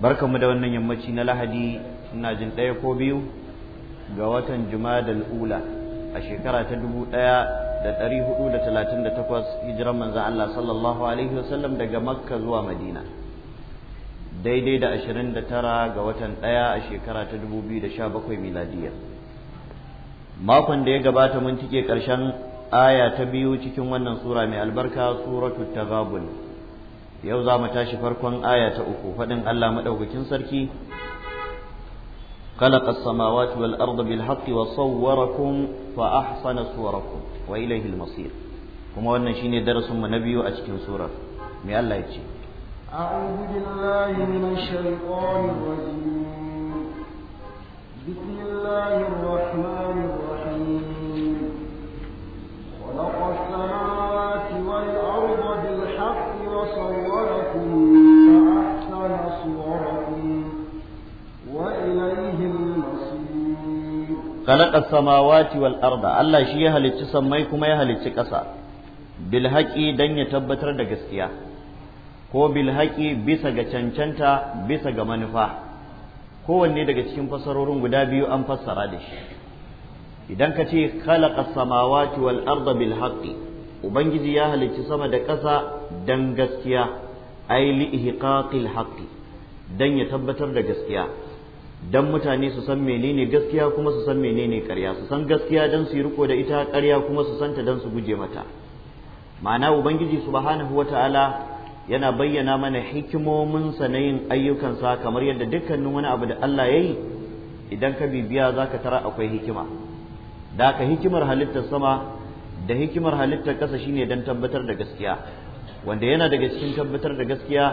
barkanmu da wannan yammaci na lahadi ina jin ɗaya ko biyu ga watan jumadal ula a shekara ta dubu ɗaya da ɗari hudu da talatin da takwas hijiran manzan Allah sallallahu alaihi wasallam daga makka zuwa madina daidai da ashirin da tara ga watan ɗaya a shekara ta dubu biyu da sha bakwai miladiyya makon da ya gabata mun cike ƙarshen aya ta biyu cikin wannan sura mai albarka suratu tagabun yau za mu tashi farkon aya ta uku faɗin Allah maɗaukakin خلق السماوات والأرض بالحق وصوركم فأحسن صوركم وإليه المصير كما أن شين درس من نبي أشكن سورة ما الله يجي أعوذ بالله من الشيطان الرجيم بسم الله الرحمن الرحيم خلق السماوات صوركم فأحسن صوركم وإليه المصير خلق السماوات والأرض الله شيء يهلك سميكم يهلك bilhaƙi don ya tabbatar da gaskiya ko bilhaƙi bisa ga cancanta bisa ga manufa kowanne daga cikin fasarorin guda biyu an fassara da shi idan ka ce khalaqa samawati wal arda bil haqqi ubangiji ya halicci sama da ƙasa dan gaskiya ai li ihqaqil haqqi dan ya tabbatar da gaskiya dan mutane su san menene gaskiya kuma su san menene ƙarya su san gaskiya dan su yi riko da ita ƙarya kuma su santa dan su guje mata ma'ana ubangiji subhanahu ta'ala yana bayyana mana hikimominsa na yin ayyukansa kamar yadda dukkanin wani abu da Allah ya yi idan ka bibiya za ka tara akwai hikima da hikimar halittar sama da hikimar halittar kasa shine dan tabbatar da gaskiya wanda yana daga cikin tabbatar da gaskiya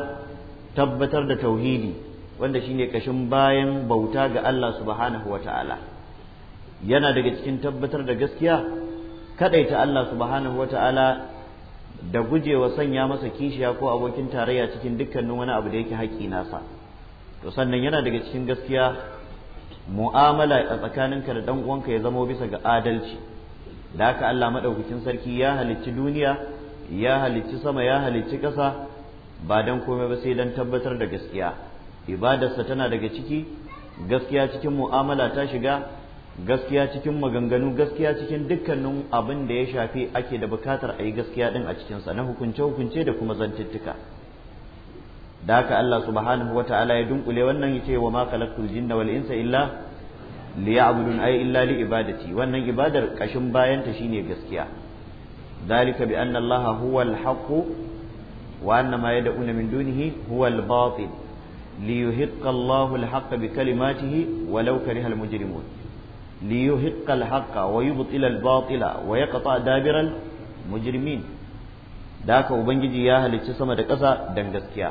tabbatar da tauhidi wanda shine kashin bayan bauta ga Allah subhanahu wata'ala yana daga cikin tabbatar da gaskiya kadaita Allah subhanahu wata'ala da gujewa sanya masa kishiya ko abokin tarayya cikin dukkanin wani abu da yake haƙƙi nasa to sannan yana daga cikin gaskiya mu'amala a tsakaninka da dan uwanka ya zama bisa ga adalci da haka Allah maɗaukacin sarki ya halicci duniya ya halicci sama ya halicci ƙasa ba don komai ba sai don tabbatar da gaskiya ibadarsa tana daga ciki gaskiya cikin mu'amala ta shiga gaskiya cikin maganganu gaskiya cikin dukkanin abin da ya shafi ake da bukatar a yi gaskiya ɗin a cikinsa na hukunce-hukunce da kuma zantuttuka da haka Allah subhanahu wa ta'ala ya dunkule wannan ya ce wa ma khalaqtul jinna wal insa illa liya'budun ay illa li ibadati wannan ibadar kashin bayan ta shine gaskiya dalika bi anna allaha huwa al-haqq wa anna ma yad'una min dunihi huwa al-batil liyuhiqqa allahu al-haqq bi kalimatihi walau kariha al-mujrimun liyuhiqqa al-haqqa wa yubtila al-batila wa yaqta dabira al-mujrimin da ubangiji ya halicci sama da ƙasa dan gaskiya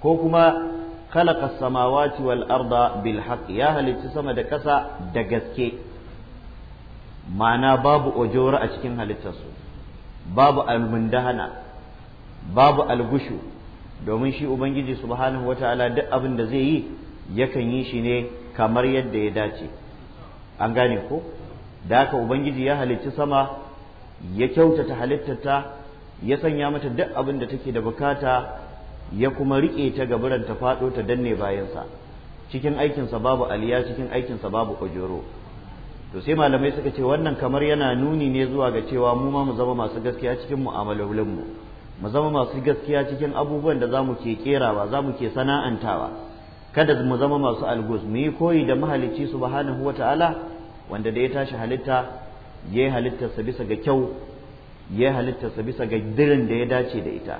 ko kuma خلق السماوات wal arda يا ya halicci sama da ƙasa da gaske ma'ana babu ojoro a cikin halittarsu babu almundahana babu algushu domin shi ubangiji subhanahu wataala duk abin da zai yi yakan yi shi ne kamar yadda ya dace an gane ko da haka ubangiji ya halicci sama ya kyautata halittarta ya sanya mata duk abin da take da bukata ya kuma riƙe ta gaburan ta faɗo ta danne bayansa cikin aikinsa babu aliya cikin aikinsa babu kujero to sai malamai suka ce wannan kamar yana nuni ne zuwa ga cewa mu ma mu zama masu gaskiya cikin mu'amalolin mu mu zama masu gaskiya cikin abubuwan da zamu ke kerawa zamu ke sana'antawa kada mu zama masu algus mu yi koyi da mahalicci subhanahu wata'ala wanda da ya tashi halitta ya yi halittarsa bisa ga kyau yayi yi halittarsa bisa ga dirin da ya dace da ita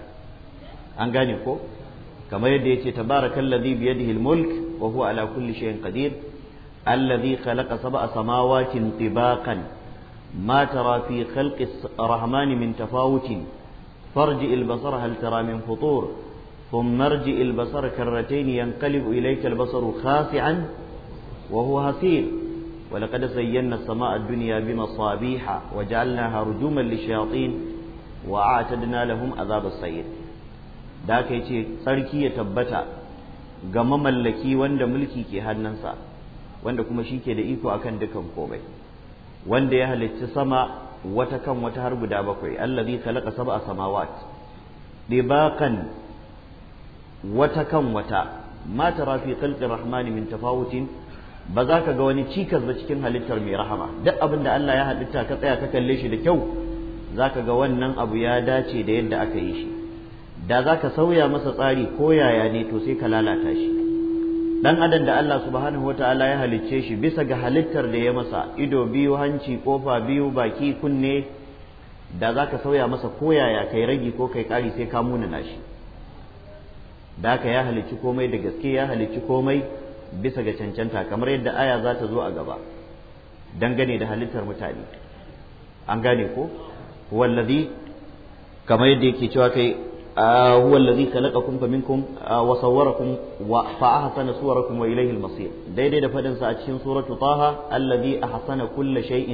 an gane ko kamar yadda yace tabarakallazi biyadihi almulk wa huwa ala kulli shay'in qadir الذي خلق سبع سماوات طباقا ما ترى في خلق الرحمن من تفاوت فارجئ البصر هل ترى من فطور ثم ارجع البصر كرتين ينقلب إليك البصر خاسعا وهو هسير ولقد زينا السماء الدنيا بمصابيح وجعلناها رجوما للشياطين وأعتدنا لهم عذاب السير da aka yi ce tsarki ya tabbata ga mamallaki wanda mulki ke hannunsa wanda kuma shi ke da iko akan dukan komai wanda ya halicci sama wata kan wata har guda bakwai allazi khalaqa sab'a samawat dibaqan wata kan wata ma tara fi rahmani min tafawutin ba za ka ga wani cikas ba cikin halittar mai rahama duk abin da Allah ya halitta ka tsaya ka kalle shi da kyau za ka ga wannan abu ya dace da yadda aka yi shi da za ka sauya masa tsari ko yaya ne to sai ka lalata shi dan adam da Allah subhanahu wataala ya halicce shi bisa ga halittar da ya masa ido biyu hanci kofa biyu baki kunne da za ka sauya masa ko yaya kai ragi ko kai kari sai ka munana shi da ka ya halicci komai da gaske ya halicci komai bisa ga cancanta kamar yadda aya za ta zo a gaba dangane da halittar mutane an gane ko wallazi kamar yadda yake cewa kai هو الذي خلقكم فمنكم وصوركم فأحسن صوركم وإليه المصير دي دي دفدن سأتشين سورة طه الذي أحسن كل شيء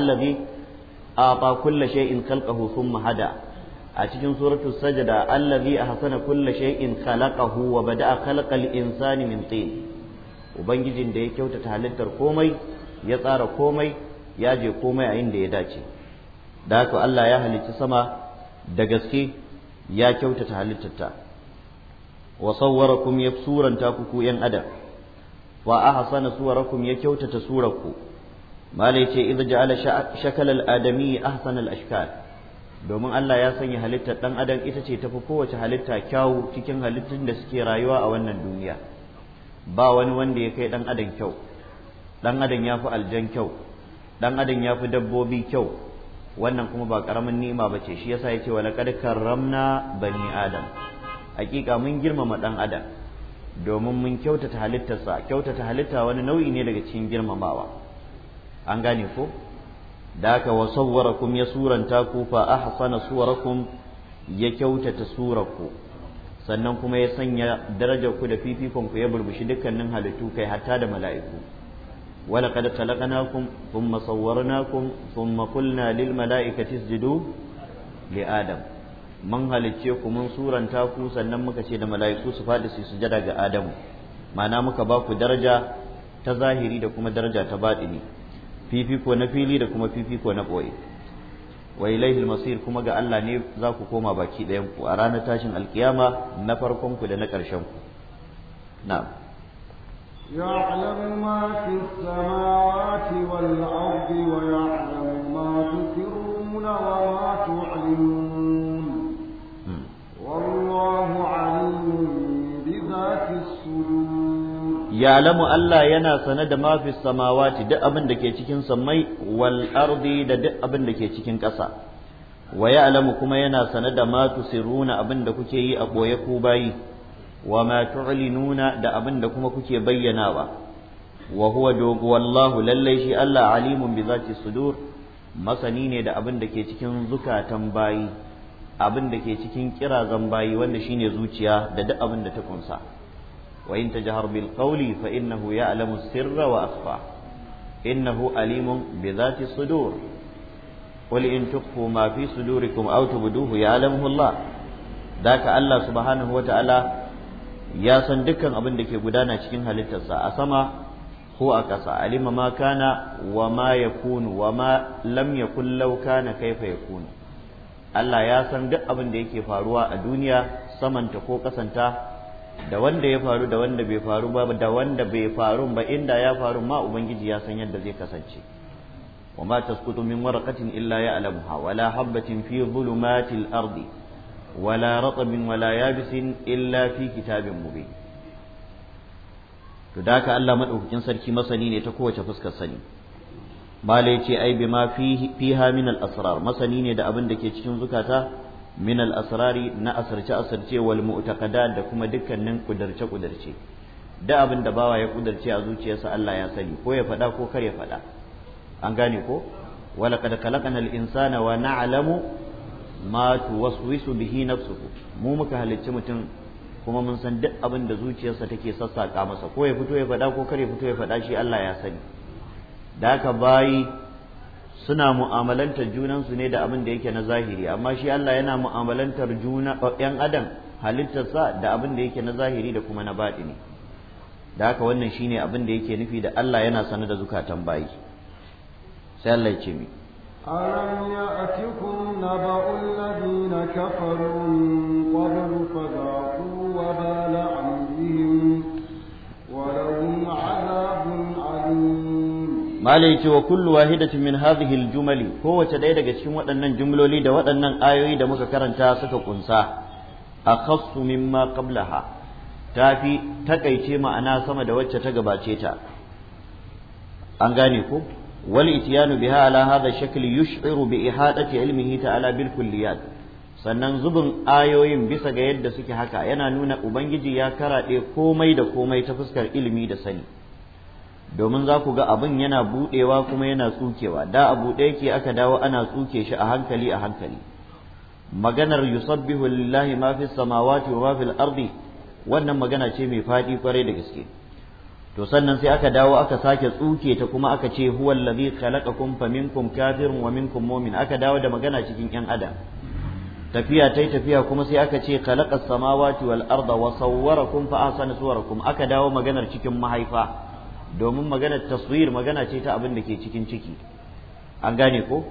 الذي أعطى كل شيء خلقه ثم هدى أتشين سورة السجدة الذي أحسن كل شيء خلقه وبدأ خلق الإنسان من طين وبنجد دي كوتة هلتر كومي يطار كومي ياجي كومي عند يداتي داكو الله يهلي تسمى دقسكي ya kyautata halittarta wa sawwarakum ya suranta ku ku yan adam wa ahsana suwarakum ya kyautata surarku malai ce idza ja'ala shakal al-adami ahsana al-ashkal domin Allah ya sanya halittar dan adam ita ce tafi kowace halitta kyawu cikin halittun da suke rayuwa a wannan duniya ba wani wanda ya kai dan adam kyau dan adam yafi aljan kyau dan adam yafi dabbobi kyau wannan kuma ba karamin ni'ima ce shi yasa ya ce laqad karramna bani adam hakika mun girmama ɗan adam domin mun kyautata halittarsa kyautata halitta wani nau'i ne daga cikin girmamawa an gane ko da haka wa sawwarakum ya suranta ku fa ahsana suwarakum ya kyautata surarku sannan kuma ya sanya darajar ku da fifikon ku ya burbushi dukkanin halittu kai hatta da mala'iku ولقد خلقناكم ثم صورناكم ثم قلنا للملائكة اسجدوا لآدم من halicce mun suranta ku sannan muka ce da mala'iku su faɗi su sujada ga Adamu ma'ana muka ba ku daraja ta zahiri da kuma daraja ta baɗini fifiko na fili da kuma fifiko na ɓoye wai ilaihi masir kuma ga Allah ne za ku koma baki ɗayan ku a ranar tashin alkiyama na farkon ku da na ƙarshen ku Ya Allah yana sane da mafi samawati duk abin da ke cikin samai wal ardi da duk abin da ke cikin ƙasa. Wa ya kuma yana sane da mafi siruna abin da kuke yi a ɓoye ku bayi wa ma tu'linuna da abin da kuma kuke bayyanawa wa huwa wallahu lallai shi Allah alimun bi zati sudur masani ne da abin da ke cikin zukatan bayi abin da ke cikin kirazan bayi wanda shine zuciya da duk abin da ta kunsa wa in tajhar bil qawli fa innahu ya'lamu sirra wa akhfa innahu alimun bi zati sudur قل إن تخفوا ما في صدوركم أو تبدوه يعلمه الله ذاك الله سبحانه وتعالى ya san dukkan abin da ke gudana cikin halittarsa a sama ko a ƙasa alima ma kana wa ma ya kunu? wa ma lam yakun law kana kaifa kunu? Allah ya san duk abin da yake faruwa a duniya samanta ko kasanta da wanda ya faru da wanda bai faru ba da wanda bai faru ba inda ya faru ma ubangiji ya san yadda zai kasance wa ma tasqutu min warqatin illa ya'lamuha wala habatin fi dhulumatil ardi wala ratsabin wala yabisin illa fi kitabin mubin to da Allah madaukakin sarki masani ne ta kowace fuskar sani malai ce ai bima fiha min al asrar masani ne da abin da ke cikin zukata min al asrari na asarce asarce wal mu'taqada da kuma dukkanin kudarce kudarce da abin da bawa ya kudarce a zuciyarsa Allah ya sani ko ya faɗa ko kar ya faɗa an gane ko ولقد خلقنا na ونعلم ma waswisu bihi nafsuhu mu muka halicci mutum kuma mun san duk abin da zuciyarsa take sassaka masa ko ya fito ya faɗa ko kare fito ya faɗa shi Allah ya sani da haka bayi suna mu'amalantar junansu ne da abin da yake na zahiri amma shi Allah yana mu'amalantar juna ɗan adam halittarsa da abin da yake na zahiri da kuma na baɗini da haka wannan shine abin da yake nufi da Allah yana sanar da zukatan bayi sai Allah ya ce mi ألم يأتكم نبأ الذين كفروا من قبل فذاقوا وبال عنهم ولهم عذاب عليم malai ce wa kullu wahidatin min hadhihi aljumali kowace ɗaya daga cikin waɗannan jumloli da waɗannan ayoyi da muka karanta suka kunsa akhassu mimma qablaha fi taƙaice ma'ana sama da wacce ta gabace ta an gane ko والاتيان بها على هذا الشكل يشعر بإحاطة علمه تعالى بالكليات sannan zubin ayoyin bisa ga yadda suke haka yana nuna ubangiji ya karaɗe komai da komai ta fuskar ilimi da sani domin za ku ga abin yana buɗewa kuma yana tsukewa da a buɗe yake aka dawo ana tsuke shi a hankali a hankali maganar yusabbihu lillahi ma fi samawati wa ma fil ardi wannan magana ce mai faɗi kwarai da gaske to sannan sai aka dawo aka sake tsuke ta kuma aka ce huwal ladhi khalaqakum faminkum kafirun wa minkum mu'min aka dawo da magana cikin yan adam tafiya tai tafiya kuma sai aka ce khalaqas samawati wal arda wa sawwarakum fa ahsana suwarakum aka dawo maganar cikin mahaifa domin maganar taswir magana ce ta abin da ke cikin ciki an gane ko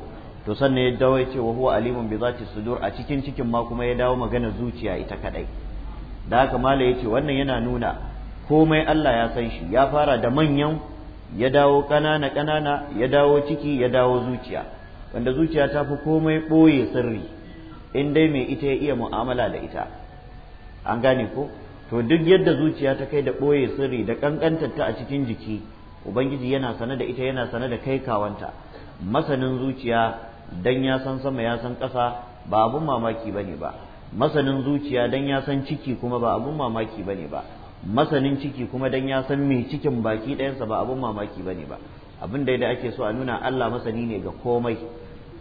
to sannan ya dawo ya ce wa huwa alimun bi zati sudur a cikin cikin ma kuma ya dawo magana zuciya ita kadai da haka mala ya ce wannan yana nuna komai Allah ya san shi ya fara da manyan ya dawo ƙanana ƙanana ya dawo ciki ya dawo zuciya wanda zuciya ta fi komai ɓoye sirri in dai mai ita ya iya mu'amala da ita an gane ko to duk yadda zuciya ta kai da ɓoye sirri da ƙanƙantar ta a cikin jiki ubangiji yana sane da ita yana sane da kai kawanta masanin zuciya dan ya san sama ya san ƙasa ba abun mamaki bane ba masanin zuciya dan ya san ciki kuma ba abun mamaki bane ba masanin ciki kuma dan ya san me cikin baki ɗayansa ba abin mamaki bane ba abin da ake so a nuna Allah masani ne ga komai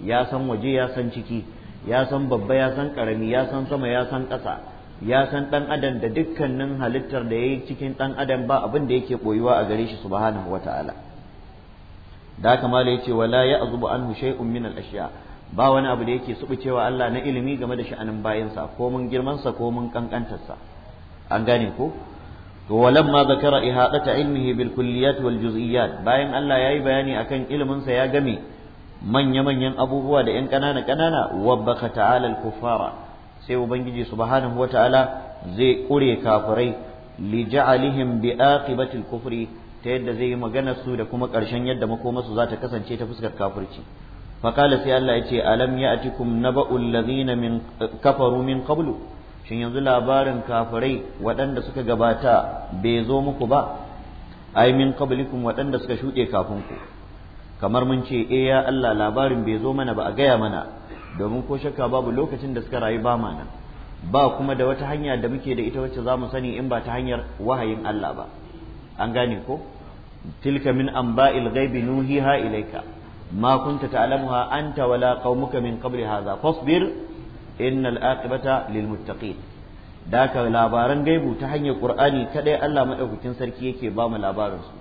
ya san waje ya san ciki ya san babba ya san karami ya san sama ya san ƙasa ya san ɗan adam da dukkanin halittar da ya yi cikin ɗan adam ba abin da yake ɓoyuwa a gare shi subhanahu wa ta'ala da kamar da ya ce wala ya azubu anhu shay'un min al-ashya ba wani abu da yake subucewa Allah na ilimi game da sha'anin bayinsa ko mun sa ko mun kankantarsa an gane ko to walamma zakara ihadata ilmihi bil kulliyat wal juz'iyat bayan Allah ya yi bayani akan ilimin sa ya game manya manyan abubuwa da yan kanana kanana wabbaka ta'ala al sai ubangiji subhanahu wataala zai kure kafirai li ja'alihim bi aqibati al ta yadda zai yi magana su da kuma ƙarshen yadda makomarsu za ta kasance ta fuskar kafirci fa qala sai Allah ya ce alam ya'tikum naba'ul ladina min kafaru min qablu shin yanzu labarin kafirai waɗanda suka gabata bai zo muku ba ai min qablikum waɗanda suka shuɗe kafin ku kamar mun ce eh ya Allah labarin bai zo mana ba a gaya mana domin ko shakka babu lokacin da suka rayu ba mana ba kuma da wata hanya da muke da ita wacce za mu sani in ba ta hanyar wahayin Allah ba an gane ko tilka min anba'il ghaibi nuhiha ilayka ma kunta ta'lamuha anta wala qaumuka min qabli hadha fasbir innal aqibata lil muttaqin da ka labaran gaibu ta hanyar qur'ani kaɗai Allah madaukakin sarki yake ba mu labarin su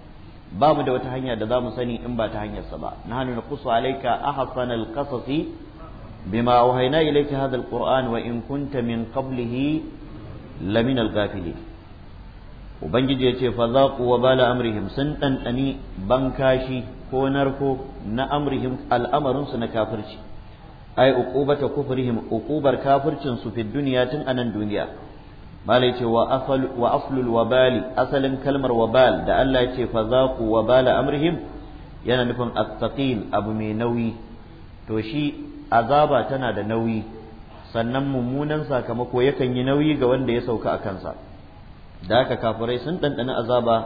ba mu da wata hanya da za mu sani in ba ta hanyar sa ba nahnu naqussu alayka ahsanal qasasi bima wahayna ilayka hadha alquran wa in kunta min qablihi lamina gafili ubangiji ce fa zaqu wa bala amrihim sun dandani bankashi ko narko na amrihim al'amarin su na kafirci ai uqubata kufrihim uqubar kafircin su fi duniya tun anan duniya malai ce wa aflul wabali asalin kalmar wabal da Allah ya ce fa zaqu wabala amrihim yana nufin astaqil abu mai nauyi to shi azaba tana da nauyi sannan mummunan sakamako yakan yi nauyi ga wanda ya sauka a kansa da haka kafirai sun ɗanɗani azaba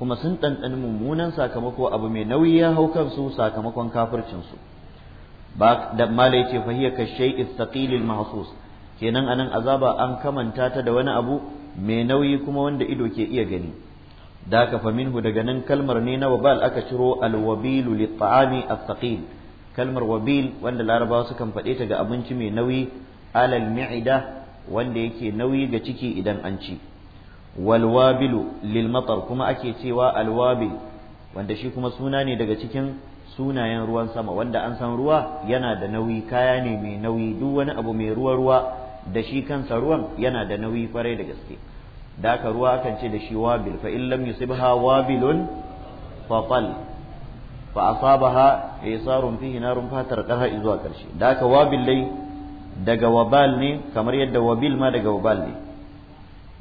kuma sun ɗanɗani mummunan sakamako abu mai nauyi ya hau kansu sakamakon kafircinsu su ba da mala ce fa hiya kashay'i thaqilil mahsus kenan anan azaba an kamanta ta da wani abu mai nauyi kuma wanda ido ke iya gani da ka fa minhu daga nan kalmar ne na wabal aka ciro alwabilu lit astaqil kalmar wabil wanda larabawa sukan faɗe ta ga abinci mai nauyi alal mi'ida wanda yake nauyi ga ciki idan an ci walwabilu lil kuma ake cewa alwabil wanda shi kuma suna ne daga cikin sunayen ruwan sama wanda an san ruwa yana da nauyi kaya ne mai nauyi duk wani abu mai ruwa ruwa da shi kansa ruwan yana da nauyi farai da gaske da haka ruwa akan ce da shi wabil fa in lam yusibha wabilun fa qal fa asabaha isarun fihi narun fatar daha zuwa karshe da haka wabil dai daga wabal ne kamar yadda wabil ma daga wabal ne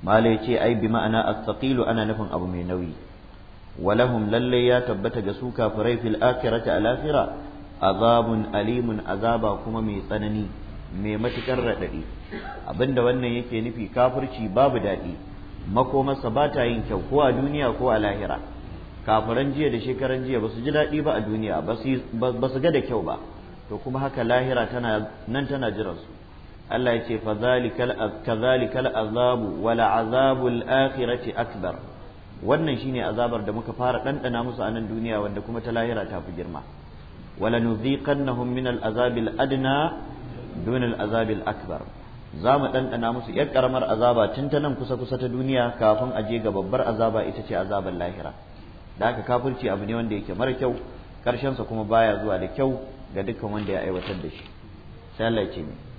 malai ce ai bi ma'ana as ana nufin abu mai nauyi walahum lallai ya tabbata ga su kafirai fil akhirati al akhira azabun alimun azaba kuma mai tsanani mai matukar radadi abinda wannan yake nufi kafirci babu daɗi makomarsa ba ta yin kyau ko a duniya ko a lahira kafiran jiya da shekaran jiya ba su ji daɗi ba a duniya ba su ga da kyau ba to kuma haka lahira tana nan tana jiran su Allah ya ce fa zalikal azabu wala azabul akhirati akbar wannan shine azabar da muka fara ɗanɗana musu a nan duniya wanda kuma ta lahira ta fi girma wala nuziqannahum min al-azab al-adna dun al-azab al-akbar za mu ɗanɗana musu yar karamar azaba tun ta nan kusa kusa ta duniya kafin a je ga babbar azaba ita ce azabar lahira da haka kafirci abu ne wanda yake mara kyau karshensa kuma baya zuwa da kyau ga dukkan wanda ya aiwatar da shi sai Allah ya ce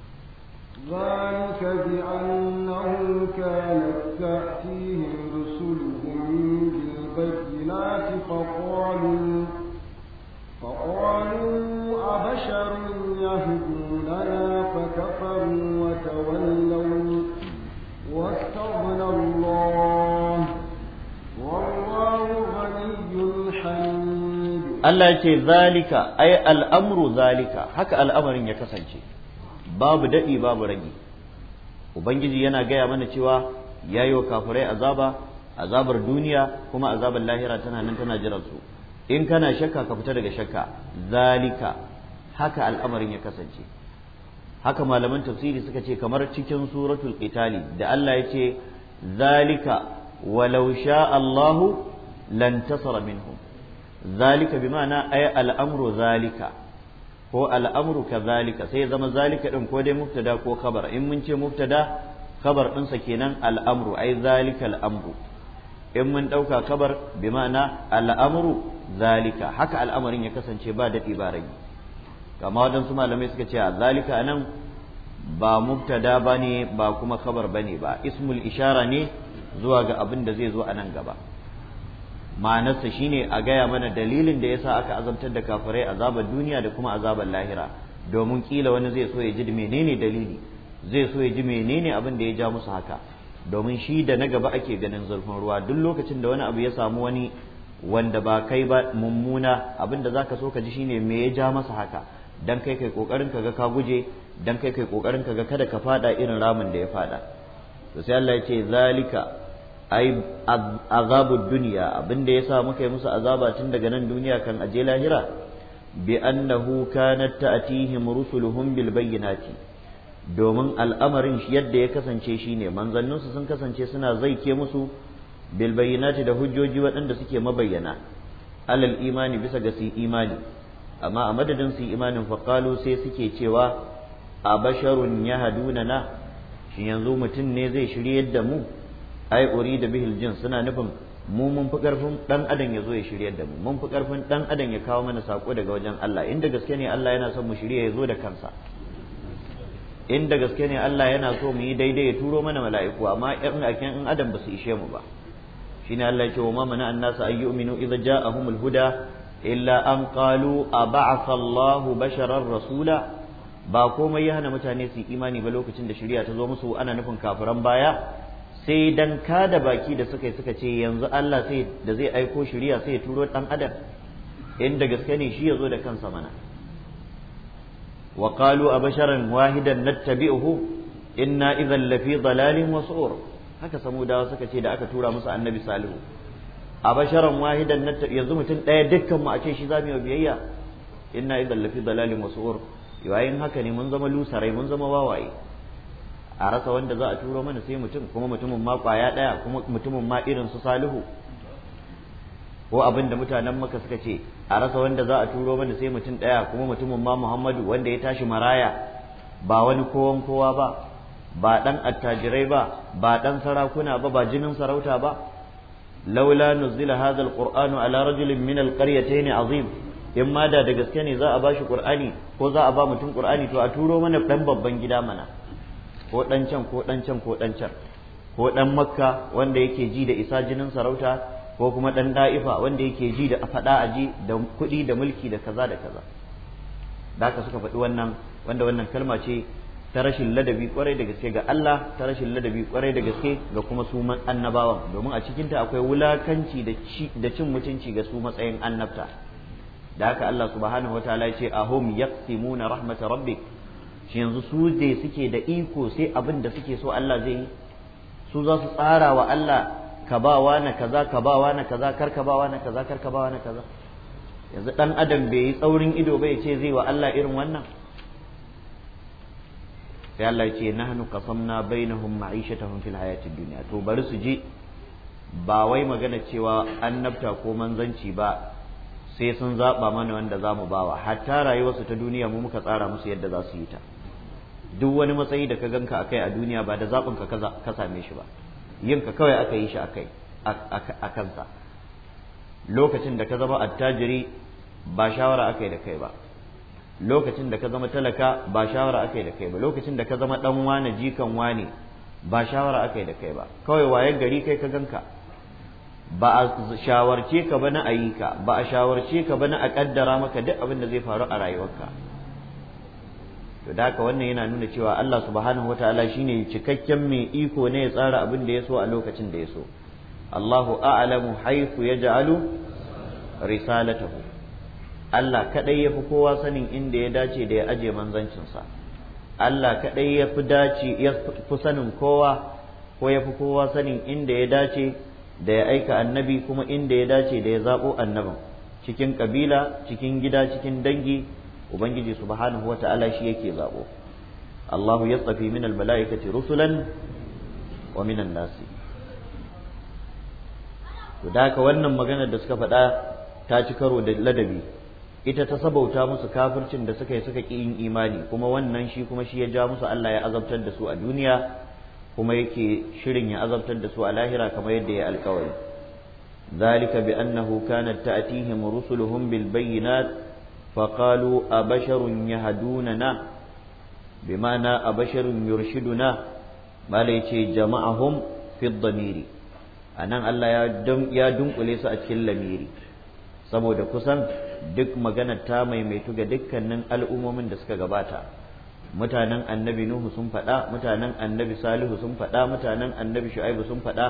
ذلك بأنه كانت تأتيهم رسلهم Fa'olu a basharin Yahudu na dafa kafar wata wallau, wasu ta'u na ruwo, Allah ce zalika a yi al'amru zalika, haka al'amarin ya kasance. Babu daɗi babu ragi. Ubangiji yana gaya mana cewa ya yi wa kafarai azaba. azabar duniya kuma azabar lahira tana nan tana jiran su in kana shakka ka fita daga shakka zalika haka al'amarin ya kasance haka malaman tafsiri suka ce kamar cikin suratul qitali da Allah ya ce zalika walau sha Allahu lantasara minhum zalika bi ma'ana ay al'amru zalika ko al'amru kazalika sai ya zama zalika din ko dai mubtada ko khabar in mun ce mubtada khabar ɗinsa kenan al'amru ai zalika al'amru in mun ɗauka kabar bi ma'ana al'amuru zalika haka al'amarin ya kasance ba daɗi ba rai kama waɗansu malamai suka ce zalika nan ba mubtada ba ba kuma kabar bane ba ismul ishara ne zuwa ga abin da zai zo a nan gaba ma'anarsa shine a gaya mana dalilin da yasa aka azabtar da kafirai azabar duniya da kuma azabar lahira domin kila wani zai so ya ji menene dalili zai so ya ji menene abin da ya ja musu haka domin shi da na gaba ake ganin zurfin ruwa duk lokacin da wani abu ya samu wani wanda ba kai ba mummuna abin da zaka so ka ji shine me ya ja masa haka dan kai kai kokarin ka ga ka guje dan kai kai kokarin ka ga kada ka fada irin ramin da ya fada to sai Allah ya ce zalika ai azabud dunya abin da yasa muka yi musu azaba tun daga nan duniya kan aje lahira bi annahu kanat ta'tihim rusuluhum bil bayyinati domin al'amarin yadda ya kasance shi ne manzanninsu sun kasance suna zai ke musu bilbayyanati da hujjoji waɗanda suke mabayyana alal imani bisa ga su imani amma a madadin su imanin faƙalu sai suke cewa a basharun ya haduna na shi yanzu mutum ne zai shirye yadda mu ai uri da bihil jin suna nufin mu mun fi ƙarfin ɗan adam ya zo ya shirye da mu mun fi ƙarfin ɗan adam ya kawo mana saƙo daga wajen Allah inda gaske ne Allah yana son mu shirya ya zo da kansa inda gaske ne Allah yana so mu yi daidai ya turo mana mala'iku amma irin akin in adam ba su ishe mu ba shine Allah yake wa ma mana annasu ayyuminu idza ja'ahum huda illa an qalu ab'atha Allah basharar rasula ba komai ya hana mutane su imani ba lokacin da shari'a ta zo musu ana nufin kafiran baya sai dan da baki da suka suka ce yanzu Allah sai da zai aiko shari'a sai ya turo dan adam inda gaske ne shi ya zo da kansa mana وقالوا أبشرا واحدا نتبعه إنا إذا لفي ضلال وسعور haka samudawa suka ce da aka tura musu annabi salihu a basharan wahidan na yanzu mutum ɗaya dukkan a ce shi za mu yi biyayya inna idan lafi dalalin wasu yayin haka ne mun zama lusarai mun zama wawaye a rasa wanda za a turo mana sai mutum kuma mutumin ma ɗaya kuma mutumin ma irin su salihu ko abin da mutanen maka suka ce a rasa wanda za a turo mana sai mutum ɗaya kuma mutumin ma muhammadu wanda ya tashi maraya ba wani kowan kowa ba ba ɗan attajirai ba ba ɗan sarakuna ba ba jinin sarauta ba laula nuzila hadha alqur'anu ala rajulin min alqaryatayn azim in ma da da gaske ne za a bashi qur'ani ko za a ba mutum qur'ani to a turo mana ɗan babban gida mana ko dan can ko ɗan can ko dan can ko dan makka wanda yake ji da isa jinin sarauta ko kuma ɗan da'ifa wanda yake ji da faɗa a ji da kuɗi da mulki da kaza da kaza da aka suka faɗi wannan wanda wannan kalma ce ta rashin ladabi kwarai da gaske ga Allah ta rashin ladabi kwarai da gaske ga kuma su annabawan domin a cikinta akwai wulakanci da cin mutunci ga su matsayin annabta da haka Allah subhanahu wataala ya ce ahum yaqsimuna rahmat rabbik shi yanzu su da suke da iko sai abin da suke so Allah zai yi su za su tsara wa Allah ka ba wani kaza ka ba wani kaza kar ka ba wani kaza kar ka ba wani kaza yanzu dan adam bai yi tsaurin ido bai ce zai wa Allah irin wannan sai Allah ya ce nahnu qasamna bainahum ma'ishatahum fil hayatid dunya to bari su je ba wai magana cewa annabta ko manzanci ba sai sun zaba mana wanda zamu bawa hatta rayuwarsu ta duniya mu muka tsara musu yadda za su yi ta duk wani matsayi da ka ganka akai a duniya ba da ka ka same shi ba yinka kawai aka yi shi a kansa lokacin da ka zama attajiri ba shawara aka yi da kai ba lokacin da ka zama talaka ba shawara aka yi da kai ba lokacin da ka zama dan wane jikan wane ba shawara aka yi da kai ba kawai wayan gari kai ka ganka ba a shawarce ka ba na ayyuka ba a shawarce ka ba na a kaddara maka duk abin da zai faru a rayuwarka to da haka wannan yana nuna cewa Allah subhanahu wataala shine cikakken mai iko ne ya tsara abin da ya so a lokacin da ya so Allahu a'lamu haythu yaj'alu risalatahu Allah kadai yafi kowa sanin inda ya dace da ya aje manzancinsa Allah kadai yafi dace ya fi sanin kowa ko yafi kowa sanin inda ya dace da ya aika annabi kuma inda ya dace da ya zabo annabin cikin kabila cikin gida cikin dangi ubangiji subhanahu wata'ala shi yake zaɓo. Allahu tsafi min almalaikati rusulan wa min nasi Ku da wannan maganar da suka faɗa ta ci karo da ladabi ita ta sabauta musu kafircin da suka yi suka ƙi yin imani kuma wannan shi kuma shi ya ja musu Allah ya azabtar da su a duniya kuma yake shirin ya azabtar da su a lahira kamar yadda ya alkawari ذلك بأنه كانت تأتيهم رسلهم بالبينات فقالوا أبشر يهدوننا بمعنى أبشر يرشدنا ما ليتي جمعهم في الضمير أنا الله يا دم a أتكل لميري saboda kusan duk magana ta maimaitu ga dukkanin al'ummomin da suka gabata mutanen annabi nuhu sun faɗa mutanen annabi salihu sun faɗa mutanen annabi shu'aibu sun faɗa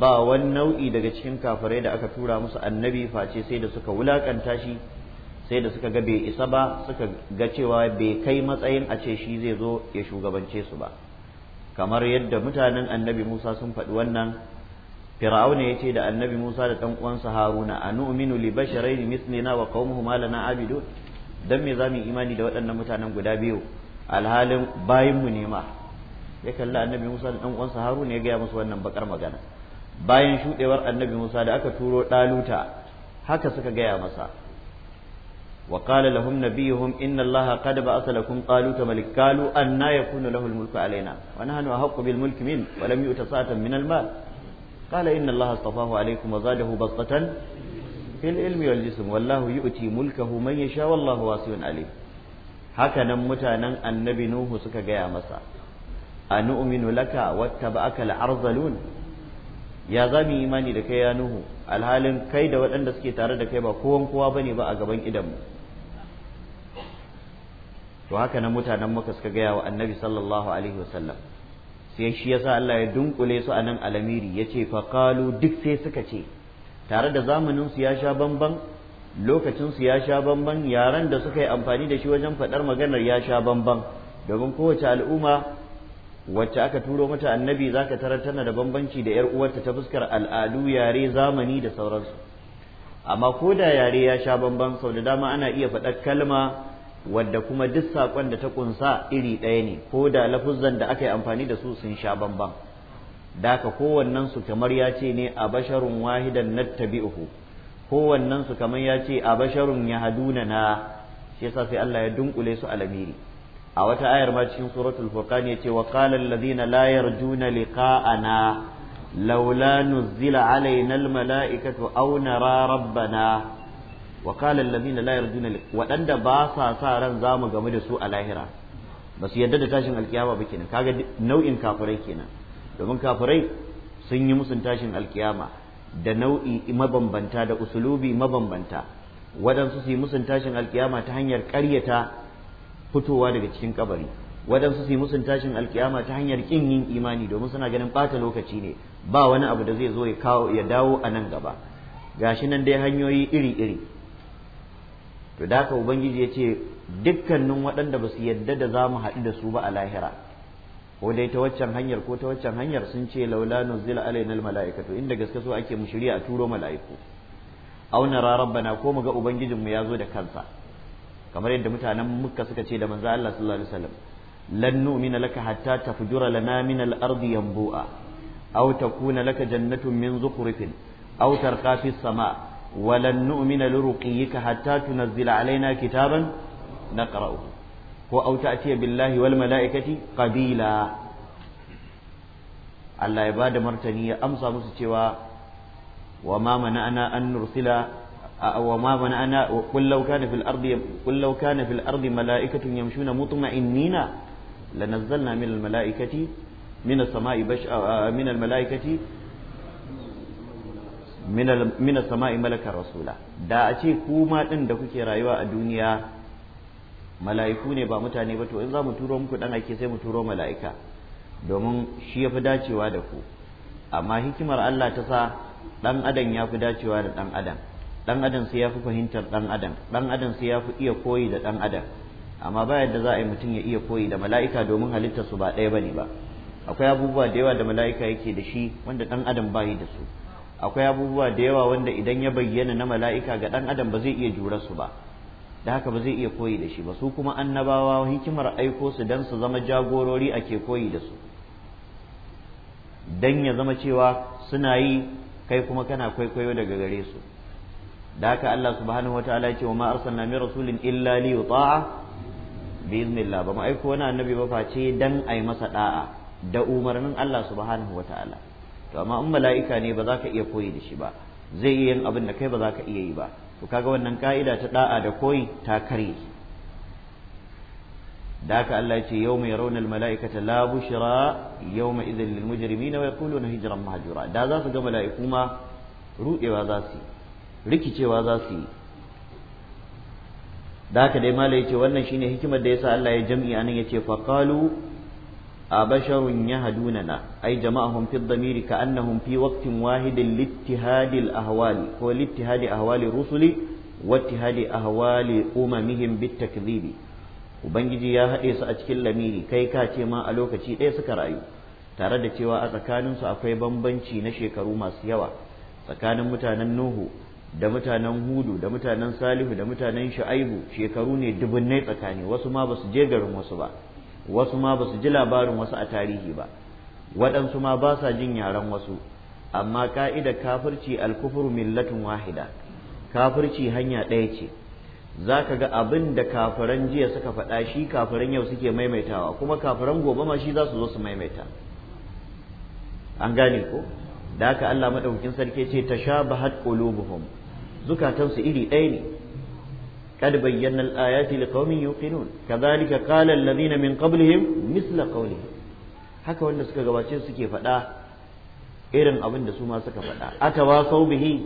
ba wani nau'i daga cikin kafirai da aka tura musu annabi face sai da suka wulakanta shi sai da suka ga bai isa ba suka ga cewa bai kai matsayin a ce shi zai zo ya shugabance su ba kamar yadda mutanen annabi Musa sun faɗi wannan Fir'auna ya ce da annabi Musa da ɗan uwansa Haruna a nu'minu li basharaini mislina wa qaumuhuma lana abidu dan me zamu imani da waɗannan mutanen guda biyu alhalin bayin mu ne ya kalla annabi Musa da ɗan uwansa Haruna ya gaya musu wannan bakar magana bayan shudewar annabi Musa da aka turo ɗaluta haka suka gaya masa وقال لهم نبيهم إن الله قد بعث لكم طالوت ملك قالوا أنا يكون له الملك علينا ونحن أحق بالملك منه ولم يؤت سعة من المال قال إن الله اصطفاه عليكم وزاده بسطة في العلم والجسم والله يؤتي ملكه من يشاء والله واسع عليم hakanan mutanen annabi Nuhu suka gaya masa a nu'minu laka wattaba'aka al-arzalun ya za mu imani da kai ya nuhu alhalin kai da waɗanda suke tare da kai ba kowan kowa bane ba a gaban idanmu to haka nan mutanen maka suka gaya wa annabi sallallahu alaihi wasallam sai shi yasa Allah ya dunkule su a nan alamiri ya ce faƙalu duk sai suka ce tare da zamanin su ya sha bamban lokacin su ya sha bamban yaran da suka yi amfani da shi wajen faɗar maganar ya sha bamban domin kowace al'umma wacce aka turo mata annabi zaka tarar tana da bambanci da yar uwarta ta fuskar al'adu yare zamani da sauransu amma ko da yare ya sha bamban sau da dama ana iya faɗar kalma wadda kuma duk saƙon da ta ƙunsa iri ɗaya ne ko da lafuzzan da aka yi amfani da su sun sha bamban da ka kowannen su kamar ya ce ne a basharun wahidan nattabi'uhu kowannen su kamar ya ce a basharun haduna na shi yasa sai Allah ya dunkule su alamiri a wata ayar ma cikin suratul furqan yace wa qala alladhina la yarjuna liqa'ana laula nuzila alaina almala'ikatu aw nara rabbana wa kala allazina la yarjuna wadanda ba sa sa ran zamu game da su a lahira ba su yadda da tashin alkiyama ba kenan kaga nau'in kafirai kenan domin kafirai sun yi musun tashin alkiyama da nau'i mabambanta da usulubi mabambanta waɗansu su yi musun tashin alkiyama ta hanyar ƙaryata fitowa daga cikin kabari waɗansu su yi musun tashin alkiyama ta hanyar ƙin yin imani domin suna ganin ɓata lokaci ne ba wani abu da zai zo ya kawo ya dawo a nan gaba gashi nan dai hanyoyi iri-iri to da haka ubangiji ya ce dukkanin waɗanda ba su yadda da za mu haɗu da su ba a lahira ko dai ta waccan hanyar ko ta waccan hanyar sun ce laula nuzila alaina almalaikatu inda gaske so ake mu shirya a turo mala'iku aw nara rabbana ko mu ga ubangijin mu ya zo da kansa kamar yadda mutanen mukka suka ce da manzo Allah sallallahu alaihi wasallam lan nu'mina laka hatta tafjura lana min al-ardi yanbu'a aw takuna laka jannatun min zukhrifin aw tarqa fis sama' walan nu'mina liruqiyika hatta tunazzila alaina kitaban naqra'uhu ko au ta'tiya billahi wal mala'ikati qabila Allah ya bada martani ya amsa musu cewa wa ma mana'ana an nursila وما منعنا قل لو كان في الأرض قل لو كان في الأرض ملائكة يمشون مطمئنين لنزلنا من الملائكة من السماء بش من الملائكة mina sama'i malakar rasula da a ce ku ma ɗin da kuke rayuwa a duniya mala'iku ne ba mutane ba to in za mu turo muku ɗan ake sai mu turo mala'ika domin shi ya fi dacewa da ku amma hikimar Allah ta sa ɗan adam ya fi dacewa da ɗan adam ɗan adam sai ya fi fahimtar ɗan adam ɗan adam sai ya fi iya koyi da ɗan adam amma ba yadda za a yi mutum ya iya koyi da mala'ika domin halittarsu ba ɗaya ba ne ba akwai abubuwa da yawa da mala'ika yake da shi wanda ɗan adam yi da su akwai abubuwa da yawa wanda idan ya bayyana na mala'ika ga ɗan adam ba zai iya jura su ba da haka ba zai iya koyi da shi ba su kuma annabawa hikimar aiko su don su zama jagorori ake koyi da su don ya zama cewa suna yi kai kuma kana kwaikwayo daga gare su da haka Allah subhanahu wa ta'ala ce wa ma arsalna min rasulin illa li yuta'a bi ba mu aiko wani annabi ba face dan ai masa da'a da umarnin Allah subhanahu wa ta'ala to amma in mala'ika ne ba za ka iya koyi da shi ba zai iya yin abin da kai ba za ka iya yi ba to kaga wannan ka'ida ta da'a da koyi ta karye. da haka Allah ya ce yawma yarawna almala'ikata la yau mai idhil lil na wa na hijiran mahajura da za su ga mala'iku ma ruɗewa za su rikicewa za su yi da haka dai malai ce wannan shine hikimar da yasa Allah ya jam'i anan ce Fakalu. a أبشر يهدوننا أي جمعهم في الضمير كأنهم في وقت واحد لاتهاد الأهوال هو لاتهاد أهوال الرسل واتهاد أهوال أممهم بالتكذيب Ubangiji ya haɗe su a cikin lamiri kai ka ce ma a lokaci ɗaya suka rayu tare da cewa a tsakaninsu akwai bambanci na shekaru masu yawa tsakanin mutanen Nuhu da mutanen Hudu da mutanen Salihu da mutanen Shu'aibu shekaru ne dubunnai tsakani wasu ma basu je garin wasu ba wasu ma basu ji labarin wasu a tarihi ba waɗansu ma ba sa jin yaren wasu amma ka'ida kafirci alkufuru millatun wahida kafirci hanya ɗaya ce za ka ga abin da kafiran jiya suka faɗa shi kafiran yau suke maimaitawa kuma kafiran gobe ma shi za su zo su maimaita an gane ko da haka Allah maɗaukin sarki ce ta tashabahat qulubuhum zukatansu iri ɗaya ne قد بينا الآيات لقوم يوقنون كذلك قال الذين من قبلهم مثل قولهم haka wanda suka gabace suke faɗa irin abin da su ma suka faɗa aka ba sau bihi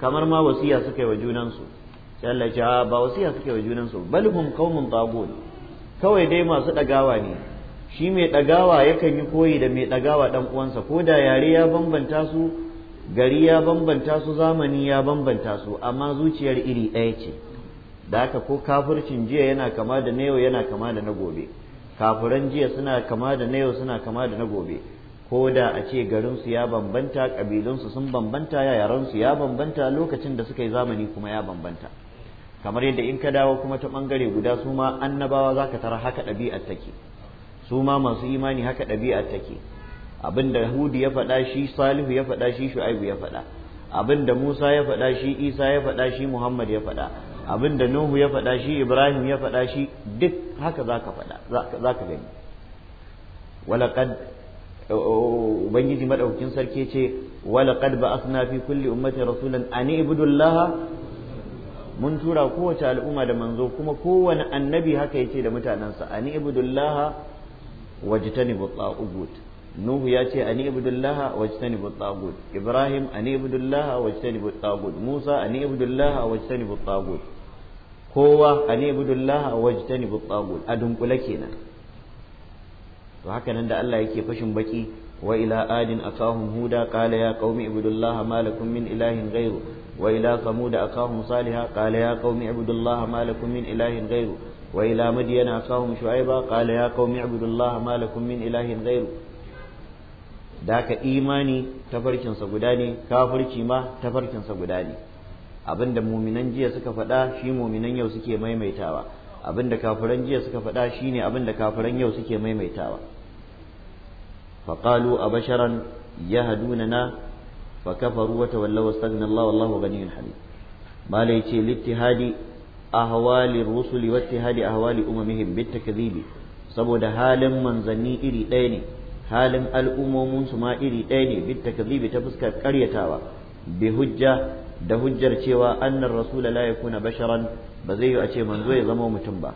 kamar ma wasiya suka yi wa junansu sai Allah ya ba wasiya suka yi wa junansu bal hum qaumun tagun kawai dai masu ɗagawa ne shi mai ɗagawa yakan yi koyi da mai ɗagawa ɗan uwansa ko da yare ya bambanta su gari ya bambanta su zamani ya bambanta su amma zuciyar iri ɗaya ce da haka ko kafircin jiya yana kama da na yana kama da na gobe kafiran jiya suna kama da na suna kama da na gobe ko da a ce garinsu ya bambanta ƙabilunsu sun bambanta yaransu ya bambanta lokacin da suka yi zamani kuma ya bambanta kamar yadda in ka dawo kuma ta ɓangare guda su ma annabawa za ka tara haka ɗabi'ar take su ma masu imani haka ɗabi'ar take abin da hudu ya faɗa shi salihu ya faɗa shi shu'aibu ya faɗa abin da musa ya faɗa shi isa ya faɗa shi muhammad ya faɗa abin da nuhu ya faɗa shi ibrahim ya faɗa shi duk haka za ka faɗa za ka gani walaƙad ubangiji maɗaukin sarki ce walaƙad ba suna fi kulli ummatin rasulan ani ibudullaha mun tura kowace al'umma da manzo kuma kowane annabi haka ya ce da mutanensa ani ibudullaha wajtanibu tagut nuhu ya ce ani ibudullaha wajtanibu tagut ibrahim ani ibudullaha wajtanibu tagut musa ani ibudullaha wajtanibu tagut kowa an ibudullah wajtani bu tsagut a dunkule kenan to haka nan da Allah yake fashin baki wa ila adin akahum huda kala ya qaumi ibudullah malakun min ilahin gairu wa ila a akahum Saliha kala ya qaumi ibudullah malakun min ilahin gairu wa ila a akahum shuaiba kala ya qaumi ibudullah malakun min ilahin gairu da ka imani tafarkinsa guda ne kafirci ma tafarkinsa guda ne da muminan jiya suka faɗa shi muminan yau suke maimaitawa abinda kafiran jiya suka faɗa shine da kafiran yau suke maimaitawa faqalu abasharan yahdunana fakafaru wata tawallaw wastaghna Allah wallahu ganin hamid mala yace littihadi ahwali rusuli a ittihadi ahwali umamihim bitakdhibi saboda halin manzanni iri ɗaya ne halin al'ummomin su ma iri ɗaya ne bitakdhibi ta fuskar karyatawa bi hujja da hujjar cewa annar rasula la yakuna basharan ba zai yi a ce manzo ya zama mutum ba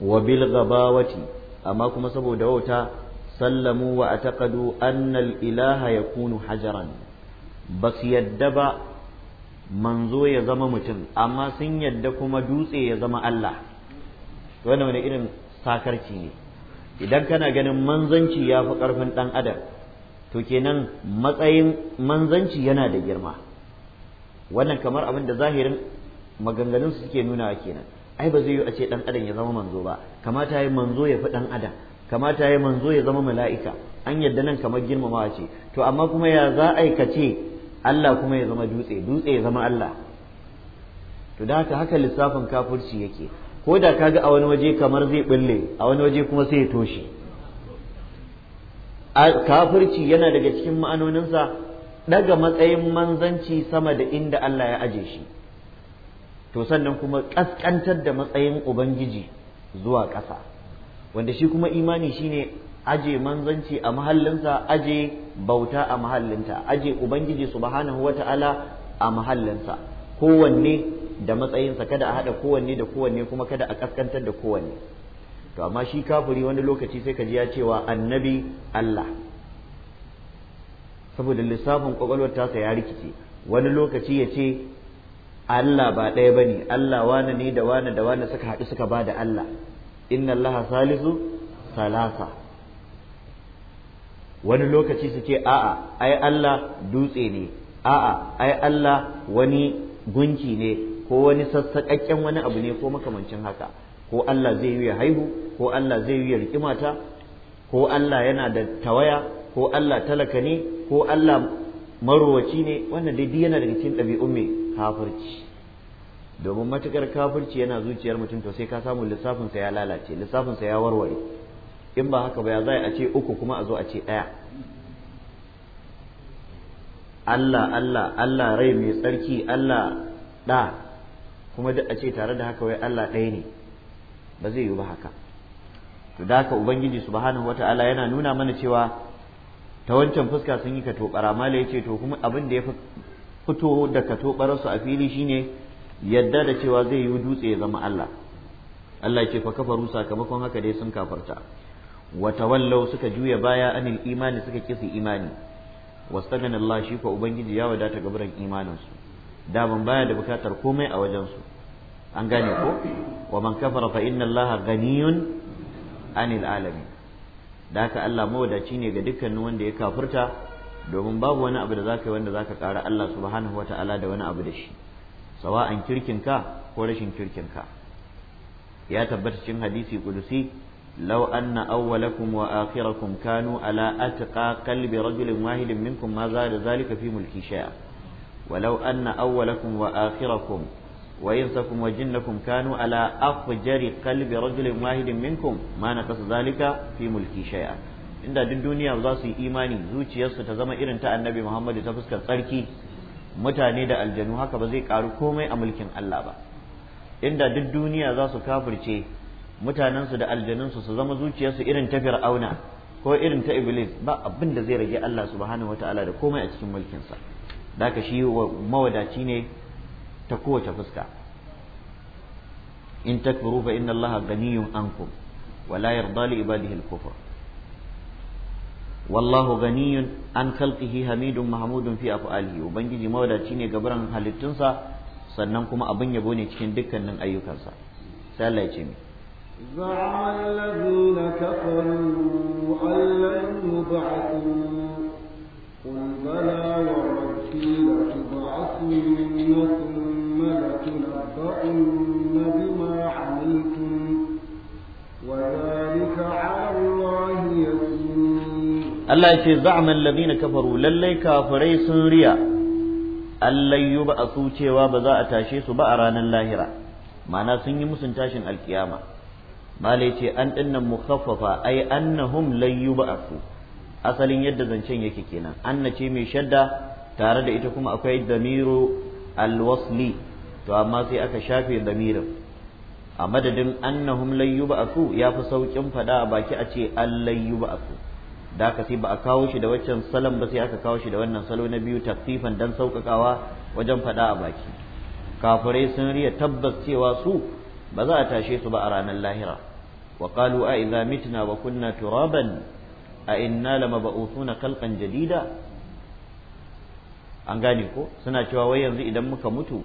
wa bil gabawati amma kuma saboda wauta sallamu wa ataqadu annal ilaha yakunu hajaran ba su yadda ba manzo ya zama mutum amma sun yadda kuma dutse ya zama Allah wannan wani irin sakarci ne idan kana ganin manzanci ya fi ƙarfin ɗan adam to kenan matsayin manzanci yana da girma wannan kamar abin da zahirin maganganun su suke nuna kenan ai ba zai yi a ce dan adam ya zama manzo ba kamata yayi manzo ya fi dan adam kamata yayi manzo ya zama mala'ika an yadda nan kamar girmamawa ce to amma kuma ya za a Allah kuma ya zama dutse dutse ya zama Allah to da haka haka lissafin kafirci yake ko da kaga a wani waje kamar zai bulle a wani waje kuma sai ya toshe kafirci yana daga cikin ma'anoninsa Daga matsayin manzanci sama da inda Allah ya aje shi to sannan kuma ƙasƙantar da matsayin ubangiji zuwa ƙasa wanda shi kuma imani shine aje manzanci a mahallinsa aje bauta a mahallinta aje ubangiji subhanahu wata'ala a mahallinsa kowanne da matsayinsa kada a haɗa kowanne da kowanne kuma kada a ƙasƙantar da kowanne to amma shi kafiri wani lokaci sai ka ji ya cewa annabi Allah saboda lissafin kwakwalwar tasa ya rikice wani lokaci ya ce Allah ba ɗaya ba ne Allah wane ne da wane da wane suka haɗu suka ba da Allah inna Allah salisu salasa wani lokaci su ce a'a ai Allah dutse ne a'a ai Allah wani gunki ne ko wani sassaƙaƙƙen wani abu ne ko makamancin haka ko Allah zai yi haihu ko Allah zai yi ya mata ko Allah yana da tawaya ko Allah talaka ne ko Allah marwaci ne wannan dai duk yana daga cikin ɗabi'un mai kafirci domin matukar kafirci yana zuciyar mutum to sai ka samu lissafinsa ya lalace lissafinsa ya warware in ba haka ba ya zai a ce uku kuma a zo a ce ɗaya Allah Allah Allah rai mai tsarki Allah ɗa kuma duk a ce tare da haka wai Allah ɗaya ne ba zai yi ba haka to da haka ubangiji subhanahu wataala yana nuna mana cewa ta wancan fuska sun yi katobara mala ya ce to kuma abin da ya fito da katobararsu a fili shine yadda da cewa zai yi dutse ya zama Allah Allah ce fa kafaru sakamakon haka dai sun kafarta wa tawallau suka juya baya anil imani suka kisi imani wastaghana Allah shi fa ubangiji ya wadata gaburan imaninsu ban baya da bukatar komai a wajensu an gane ko wa man kafara fa inna Allah ghaniyun anil alamin da haka Allah mawadaci ne ga dukkanin wanda ya kafurta domin babu wani abu da zaka yi wanda zaka ƙara Allah subhanahu wata'ala da wani abu da shi sawa'an kirkinka ko rashin kirkinka ya tabbata cin hadisi kudusi لو أن أولكم وآخركم كانوا على أتقى قلب رجل واحد منكم ما زاد ذلك في ملكي شيئا ولو أن wa وآخركم wa insakum wa jinnakum kanu ala afjari qalbi rajulin wahidin minkum ma naqasa zalika fi mulki shay'a inda duk duniya za su yi imani zuciyarsu ta zama irin ta annabi Muhammad ta fuskar tsarki mutane da aljanu haka ba zai karu komai a mulkin Allah ba inda duk duniya za su kafirce mutanensu da aljanunsu su zama zuciyarsu irin ta fir'auna ko irin ta iblis ba abinda zai rage Allah subhanahu wataala da komai a cikin mulkinsa da ka shi mawadaci ne ta kowace fuska in takfuru fa inna allaha ghaniyyun ankum wa la yarda li ibadihi al-kufr wallahu ganiyun an khalqihi hamidun mahmudun fi af'alihi ubangiji mawadaci ne gabaran halittunsa sannan kuma abin yabo ne cikin dukkanin ayyukansa sai Allah ya ce mi زعم الذين كفروا أن لن يبعثوا قل بلى وربي Allah ce ثم لتنبؤن بما عملتم وذلك على الله يسير yi ba a su cewa ba za a tashe su ba a ranar lahira ma'ana sun yi musun tashin alkiyama malai ce an dinnan mukhaffafa ai annahum lai yi ba a su asalin yadda zancen yake kenan anna ce mai shadda tare da ita kuma akwai damiru alwasli to amma sai aka shafe damirin a madadin annahum lan yub'athu ya fi saukin fada a baki a ce allan yub'athu da aka sai ba a kawo shi da waccan salam ba sai aka kawo shi da wannan salo na biyu takfifan dan sauƙaƙawa wajen fada a baki kafirai sun riya tabbas cewa su ba za a tashe su ba a ranar lahira wa qalu a idza mitna wa kunna turaban a inna lamab'uthuna khalqan jadida an gane ko suna cewa wai yanzu idan muka mutu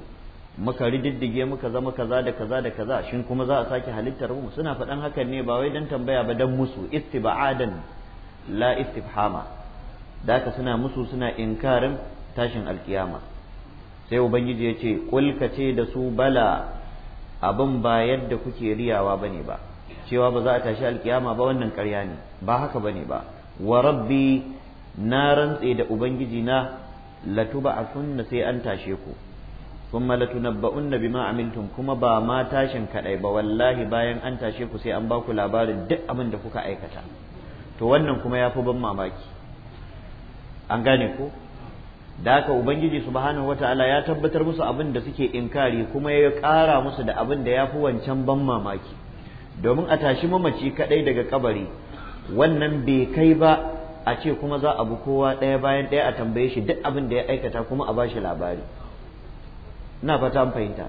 muka rididdige muka zama kaza da kaza da kaza shin kuma za a sake halittar mu suna faɗan hakan ne ba wai dan tambaya ba dan musu istiba'adan la istibhama da haka suna musu suna inkarin tashin alkiyama sai ubangiji ya ce kul ka ce da su bala abin ba yadda kuke riyawa bane ba cewa ba za a tashi alkiyama ba wannan ƙarya ne ba haka bane ba wa rabbi na rantse da ubangiji na latuba'athunna sai an tashe ku thumma latunabba'unna bima amintum kuma ba ma tashin kadai ba wallahi bayan an tashe ku sai an ba ku labarin duk abin da kuka aikata to wannan kuma ya ban mamaki an gane ko da haka ubangiji subhanahu wata'ala ya tabbatar musu abin da suke inkari kuma ya ƙara musu da abin da ya fi wancan ban mamaki domin a tashi mamaci kadai daga kabari wannan bai kai ba a ce kuma za a bi kowa ɗaya bayan ɗaya a tambaye shi duk abin da ya aikata kuma a ba shi labari ina fata an fahimta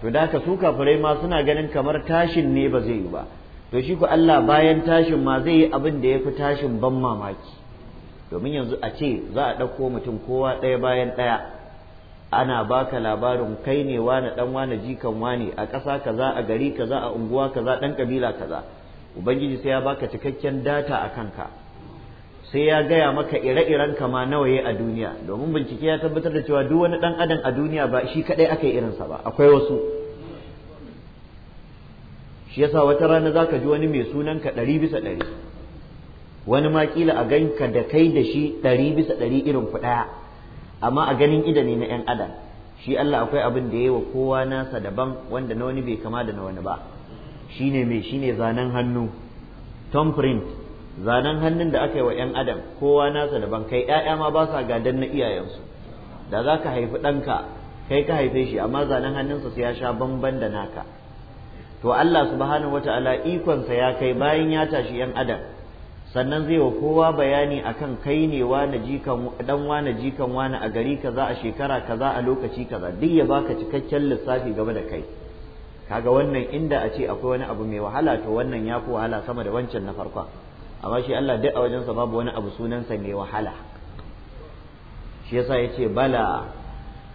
to da haka su kafirai ma suna ganin kamar tashin ne ba zai yi ba to shi ku Allah bayan tashin ma zai yi abin da ya fi tashin ban mamaki domin yanzu a ce za a ɗauko mutum kowa ɗaya bayan ɗaya ana baka labarin kai ne wani ɗan wani jikan wani a ƙasa kaza a gari kaza a unguwa kaza ɗan kabila kaza ubangiji sai ya baka cikakken data a ka. sai ya gaya maka ire-iren kama nawa yayi a duniya domin bincike ya tabbatar da cewa duk wani dan adam a duniya ba shi kadai aka yi irinsa ba akwai wasu shi yasa wata rana zaka ji wani mai sunan ka ɗari bisa ɗari wani ma kila a ganka da kai da shi ɗari bisa ɗari irin ku ɗaya amma a ganin ida ne na 'yan adam shi Allah akwai abin da ya yi wa kowa nasa daban wanda na wani bai kama da na wani ba shine mai shine zanen hannu thumbprint zanen hannun da aka yi wa 'yan adam kowa nasa daban kai 'ya'ya ma ba sa gadan na iyayensu da za ka haifi ɗanka kai ka haife shi amma zanen hannunsa sai ya sha bamban da naka to Allah subhanahu ala, ikonsa ya kai bayan ya tashi 'yan adam sannan zai wa kowa bayani akan kai ne wani jikan dan wani jikan wani a gari kaza a shekara kaza a lokaci kaza duk ya baka cikakken lissafi game da kai kaga wannan inda a ce akwai wani abu mai wahala to wannan ya fi wahala sama da wancan na farkon amma shi Allah duk a sa babu wani abu sunansa ne wahala shi yasa ya ce bala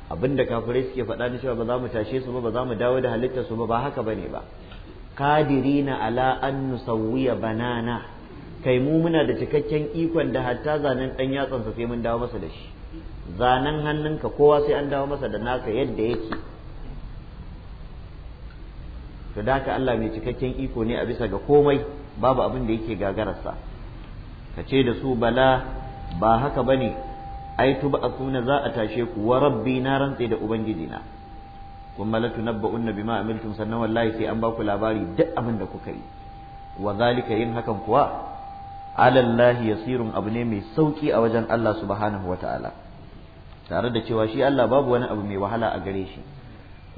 abinda kafirai suke faɗa ni cewa ba za mu tashe su ba ba za mu dawo da halittar su ba ba haka bane ba kadirina ala an nusawwiya banana kai mu muna da cikakken ikon da hatta zanen dan yatsansa sai mun dawo masa da shi zanen hannunka kowa sai an dawo masa da naka yadda yake to da haka Allah mai cikakken iko ne a bisa ga komai babu abin da yake gagararsa ka ce da su bala ba haka bane ai tuba akuna za a tashe ku wa rabbi na rantse da ubangijina kuma la tunabba'unna bima amiltum sannan wallahi sai an ba ku labari duk abin da kuka yi wa zalika yin hakan kuwa alallahi yasirun abu ne mai sauki a wajen Allah subhanahu wataala tare da cewa shi Allah babu wani abu mai wahala a gare shi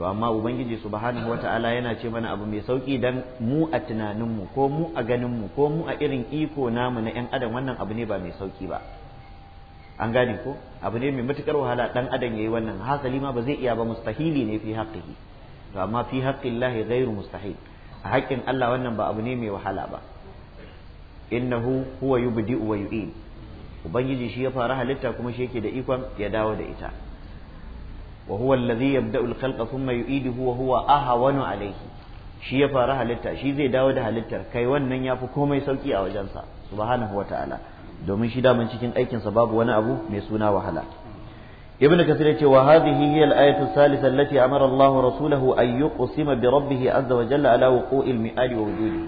to amma ubangiji subhanahu wata'ala yana ce mana abu mai sauki dan mu a tunaninmu ko mu a ganinmu ko mu a irin iko namu na yan adam wannan abu ne ba mai sauki ba an gane ko abu ne mai matukar wahala dan adam yayi wannan hasali ma ba zai iya ba mustahili ne fi haqqihi to amma fi haqqillahi ghairu mustahil a haƙƙin Allah wannan ba abu ne mai wahala ba innahu huwa yubdi'u wa yu'id ubangiji shi ya fara halitta kuma shi yake da ikon ya dawo da ita wa huwa alladhi yabda'u al-khalqa thumma yu'iduhu wa huwa shi ya fara halitta shi zai dawo da halittar kai wannan yafi komai sauki a wajensa subhanahu wa ta'ala domin shi daman cikin aikinsa babu wani abu mai suna wahala ابن كثير وهذه هي الآية الثالثة التي أمر الله رسوله أن يقسم بربه عز ala على وقوع المئات wujudi.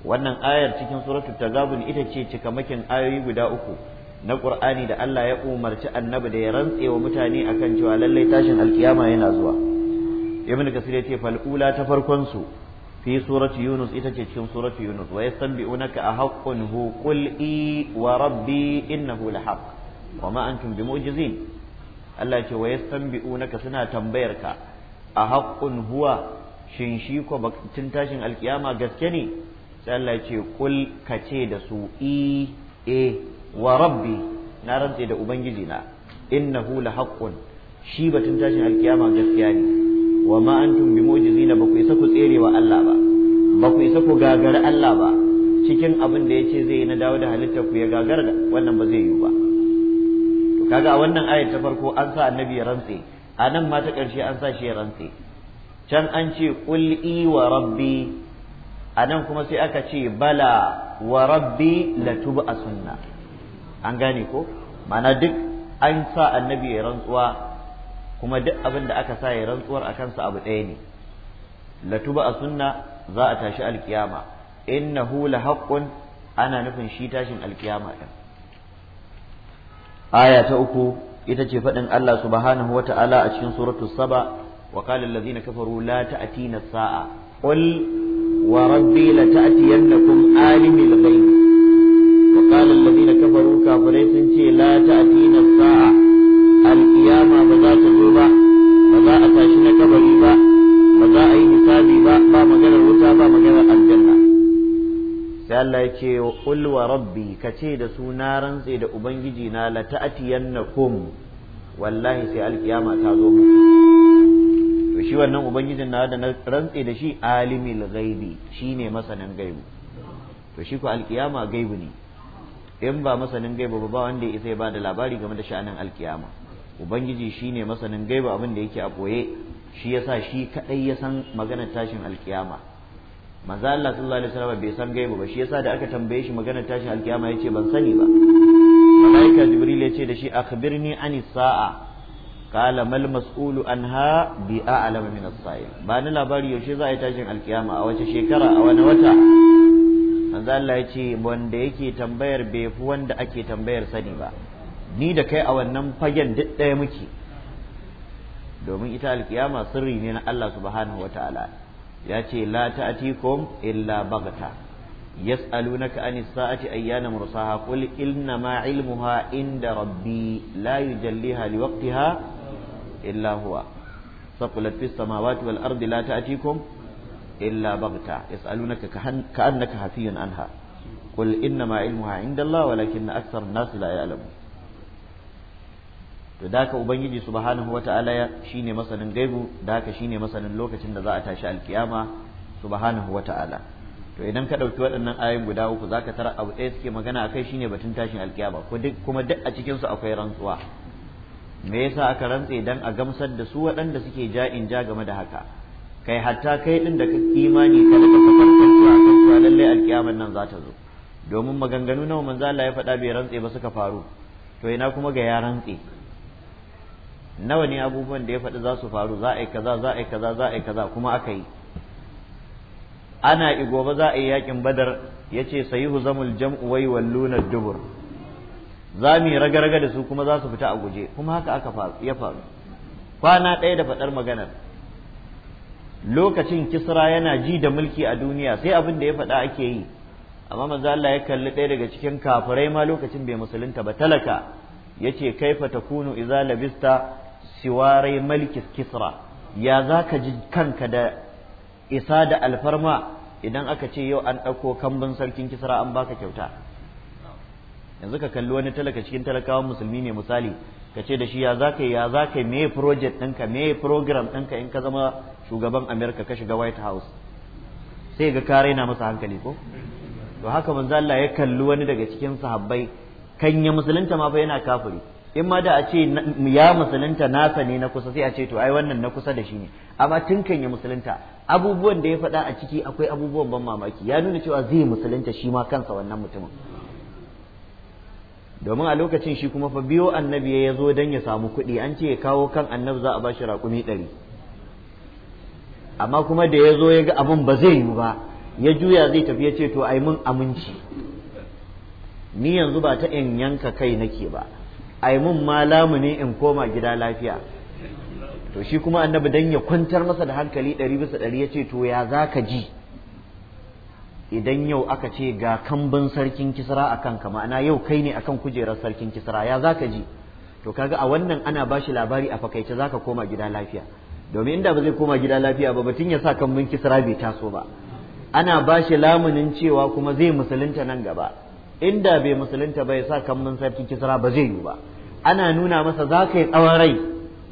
wannan ayar cikin suratul tagabun ita ce cikamakin ayoyi guda uku na Qur'ani da Allah ya umarci annabi da ya rantse wa mutane akan cewa lallai tashin alkiyama yana zuwa ibn kasir yace Fal'ula ta farkon su fi surati yunus ita ce cikin surati yunus wa yastanbi'unaka a hu qul i wa rabbi innahu lahaq wa ma antum bimu'jizin Allah ce wa yastanbi'unaka suna tambayar ka a haqqun huwa shin shi ko batun tashin alkiyama gaske ne sai Allah ce qul kace da su i e wa rabbi na rantse da ubangiji na innahu la haqqun shi batun tashin alkiyama gaskiya ne wa ma antum bi mu'jizina ba ku isa ku tsere Allah ba ba ku isa ku gagara Allah ba cikin abin da yace zai na dawo da halitta ku ya gagara wannan ba zai yiwu ba to kaga a wannan ayat ta farko an sa annabi ya rantse a nan ma ta ƙarshe an sa shi ya rantse can an ce qul wa rabbi a nan kuma sai aka ce bala wa rabbi latub sunna an gane ko ma'ana duk an sa annabi ya rantsuwa kuma duk abin da aka sa ya rantsuwar a kansa abu ɗaya ne latuba a sunna za a tashi alkiyama hula haƙƙun ana nufin shi tashin alkiyama ɗin aya ta uku ita ce faɗin Allah subhanahu wa ta'ala a cikin suratul saba wa qala allazina kafaru la ta'tina sa'a qul wa rabbi la ta'tiyannakum alimil ghaib وقال الذين كفروا كافرين سنتي لا تأتينا الساعة القيامة بذا تزوبا بذا أتاشنا كبريبا با أي حسابي با با مجال الوتابا مجال الجنة sai Allah ya ce wa ulwa rabbi ka ce da su na rantse da shi wannan ubangijin na da na rantse da shi alimil ghaibi shine masanin gaibi to shi ko alkiyama gaibi ne in ba masanin gaiba ba wanda ya isa ya bada labari game da sha'anin alkiyama ubangiji shine masanin gaiba abin da yake a koye shi yasa shi kaɗai ya san maganar tashin alkiyama manzo Allah sallallahu alaihi wasallam bai san gaiba ba shi yasa da aka tambaye shi maganar tashin alkiyama yace ban sani ba malaika jibril ya ce da shi akhbirni anis sa'a qala mal mas'ulu anha bi a'lama min as-sa'il ba ni labari yaushe za a yi tashin alkiyama a wace shekara a wani wata manzo Allah ya ce wanda yake tambayar bai fi wanda ake tambayar sani ba ni da kai a wannan fagen duk ɗaya muke domin ita alkiyama sirri ne na Allah subhanahu ta'ala ya ce la ta'tikum illa baghta yas'alunaka anis sa'ati ayyana mursaha qul inna ma ilmuha inda rabbi la yujalliha liwaqtiha illa huwa saqulat fis samawati wal ardi la ta'tikum illa bagta yas'alunaka ka annaka hafiyun anha qul inna ma ilmuha indallah walakinna akthar an-nas to da haka ubangiji subhanahu wata'ala shine masanin gaibu da haka shine masanin lokacin da za a tashi alkiyama subhanahu wata'ala to idan ka dauki waɗannan ayoyin guda uku zaka tara abu ɗaya suke magana akai shine batun tashin alkiyama ko duk kuma duk a cikin su akwai rantsuwa me yasa aka rantse dan a gamsar da su waɗanda suke ja'in ja game da haka kai hatta kai din da ka imani ka da ka farkanta a kan zuwa lallai alkiyaman nan za ta zo domin maganganu nawa manzo Allah ya faɗa bai rantse ba suka faru to ina kuma ga ya rantse nawa ne abubuwan da ya faɗi za su faru za a yi kaza za a yi kaza za a yi kaza kuma aka yi ana gobe za a yi yakin badar ya ce sayi zamul jam'u wai walluna dubur za mu yi raga-raga da su kuma za su fita a guje kuma haka aka ya faru kwana ɗaya da faɗar maganar lokacin kisra yana ji da mulki a duniya sai abin da ya faɗa ake yi amma manzo Allah ya kalli ɗaya daga cikin kafirai ma lokacin bai musulunta ba talaka yace kaifa takunu idza labista siwarai mulki kisra ya zaka ji kanka da isa da alfarma idan aka ce yau an ɗauko kambun sarkin kisra an baka kyauta yanzu ka kalli wani talaka cikin talakawan musulmi ne misali ka ce da shi ya zaka ya zaka me project ɗinka me program ɗinka in ka zama shugaban america ka shiga white house sai ga kare na masa hankali ko to haka manzo Allah ya kalli wani daga cikin sahabbai kan ya musulunta ma fa yana kafiri in ma da a ce ya musulunta nasa ne na kusa sai a ce to ai wannan na kusa da shi ne amma tun kan ya musulunta abubuwan da ya faɗa a ciki akwai abubuwan ban mamaki ya nuna cewa zai musulunta shi ma kansa wannan mutumin domin a lokacin shi kuma fa biyo annabi ya zo don ya samu kuɗi an ce ya kawo kan annabi za a bashi raƙumi ɗari amma kuma da ya zo ya ga abin ba zai yi ba ya juya zai tafi ya ce to ai mun aminci ni yanzu ba ta in yanka kai nake ba ai mun malamu ne in koma gida lafiya to shi kuma annabi dan ya kwantar masa da hankali ɗari bisa ɗari ya ce to ya za ka ji idan yau aka ce ga kambin sarkin kisra a kanka ma'ana yau kai ne akan kujerar sarkin kisra ya za ka ji to kaga a wannan ana ba shi labari a fakaice za ka koma gida lafiya domin inda ba zai koma gida lafiya ba batun ya sa kan mun kisra bai taso ba ana ba shi lamunin cewa kuma zai musulunta nan gaba inda bai musulunta ba ya sa kan mun sarki kisra ba zai yi ba ana nuna masa za ka yi tsawon rai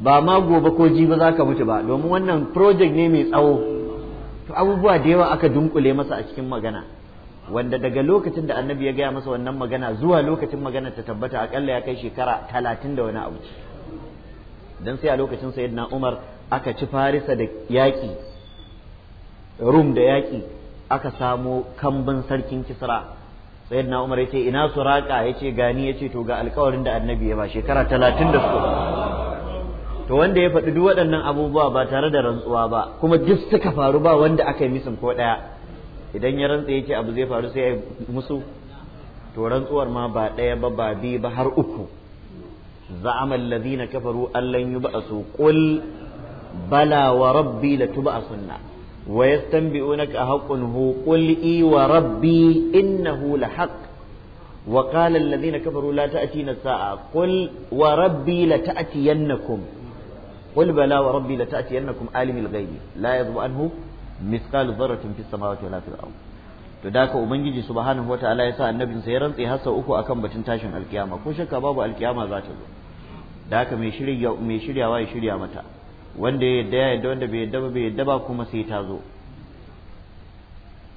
ba ma gobe ko ji ba za ka mutu ba domin wannan project ne mai tsawo to abubuwa da yawa aka dunkule masa a cikin magana wanda daga lokacin da annabi ya gaya masa wannan magana zuwa lokacin magana ta tabbata akalla ya kai shekara talatin da wani abu don sai a lokacin sayyidina umar aka ci farisa da yaƙi rum da yaƙi aka samo kambin sarkin kisra na umar ya ce ina suraka ya ce gani ya ce to ga alkawarin da annabi ya ba shekara talatin da su to wanda ya faɗi duk waɗannan abubuwa ba tare da rantsuwa ba kuma duk suka faru ba wanda aka yi misin ko ɗaya idan ya rantsa ya ce abu zai faru sai ya yi musu to rantsuwar ma ba ɗaya ba ba biyu ba har uku za'amal ladina kafaru allan yub'asu qul bala wa rabbi latub'asunna wa yastanbi'unaka haqqun hu qul i wa rabbi وقال الذين كفروا لا تأتينا الساعة قل وربي لتأتينكم قل بلى وربي لتأتينكم عالم الغيب لا يضب عنه مثقال ذرة في السماوات ولا في الأرض to da ka ubangiji subhanahu wataala ya sa annabin sa ya rantse har sau uku akan batun tashin alkiyama ko shakka babu alkiyama za ta zo da haka mai shirya mai shiryawa ya shirya mata wanda ya yadda ya yadda wanda bai yadda ba bai yadda ba kuma sai ta zo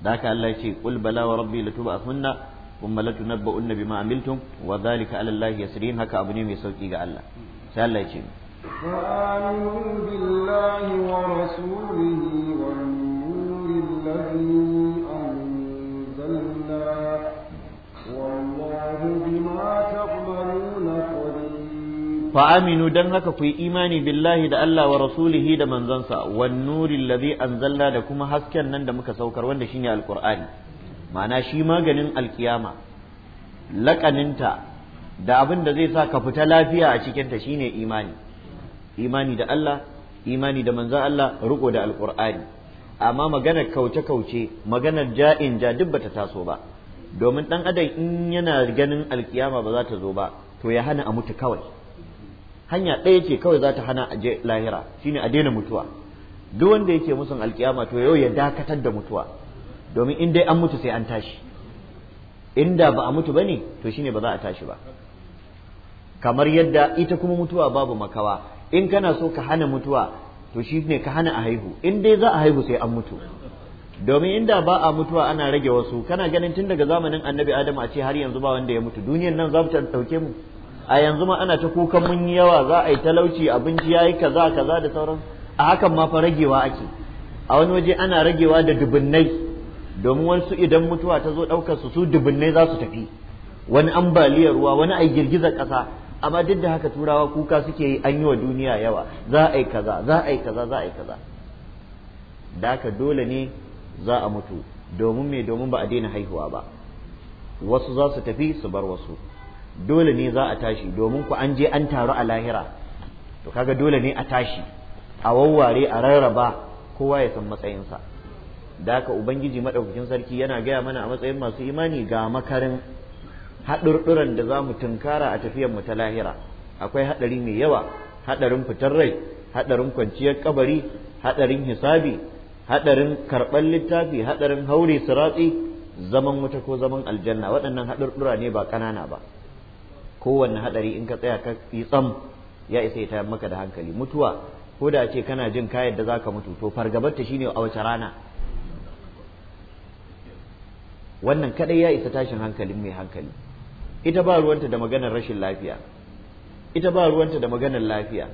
da haka Allah ce qul bala wa rabbi latub'athunna thumma a bima amiltum wa dhalika 'ala Allah yasrin haka abu ne mai sauki ga Allah sai Allah بالله ورسوله والنور الذي أنزلنا والله بما تعملون fa aminu dan haka ku yi imani billahi da Allah wa rasulihi da manzansa wan nuril ladhi anzalna da kuma hasken nan da muka saukar wanda shine alqur'ani ma'ana shi maganin alkiyama lakaninta da abin da zai sa ka fita lafiya a cikin ta shine imani imani da Allah imani da manzan Allah riko da alqur'ani amma maganar kauce kauce maganar ja'in ja duk bata taso ba domin dan adam in yana ganin alkiyama ba za ta zo ba to ya hana a mutu kawai hanya ɗaya ce kawai za ta hana a je lahira shine a daina mutuwa duk wanda yake musun alkiyama to yau ya dakatar da mutuwa domin in dai an mutu sai an tashi inda ba a mutu bane to shine ba za a tashi ba kamar yadda ita kuma mutuwa babu makawa in kana so ka hana mutuwa to shine ka hana a haihu in dai za a haihu sai an mutu domin inda ba a mutuwa ana rage wasu kana ganin tun daga zamanin annabi adamu a ce har yanzu ba wanda ya mutu duniyar nan za ta ɗauke mu a yanzu ma ana ta kukan mun yi yawa za a yi talauci abinci yayi kaza kaza da sauran a hakan ma fa ragewa ake a wani waje ana ragewa da dubunnai domin wasu idan mutuwa ta zo ɗaukar su su dubunnai za su tafi wani ambaliyar ruwa wani a girgizar ƙasa amma duk da haka turawa kuka suke yi an yi wa duniya yawa za a yi kaza za a yi kaza za a yi kaza da haka dole ne za a mutu domin me domin ba a daina haihuwa ba wasu za su tafi su bar wasu dole ne za a tashi domin ku an je an taru a lahira to kaga dole ne a tashi a wawware a rarraba kowa ya san matsayinsa da haka ubangiji madaukakin sarki yana gaya mana a matsayin masu imani ga makarin haɗurɗuran da za mu tunkara a tafiyar mu ta lahira akwai haɗari mai yawa haɗarin fitar rai haɗarin kwanciyar kabari haɗarin hisabi haɗarin karɓar littafi haɗarin haure siratsi zaman wuta ko zaman aljanna waɗannan haɗurɗura ne ba ƙanana ba kowanne hadari in ka tsaya ka yi tsam ya isa ya tayar maka da hankali mutuwa ko da ce kana jin ka yadda zaka mutu to fargabar ta shine a wace rana wannan kadai ya isa tashin hankalin mai hankali ita ba ruwanta da maganar rashin lafiya ita ba ruwanta da maganar lafiya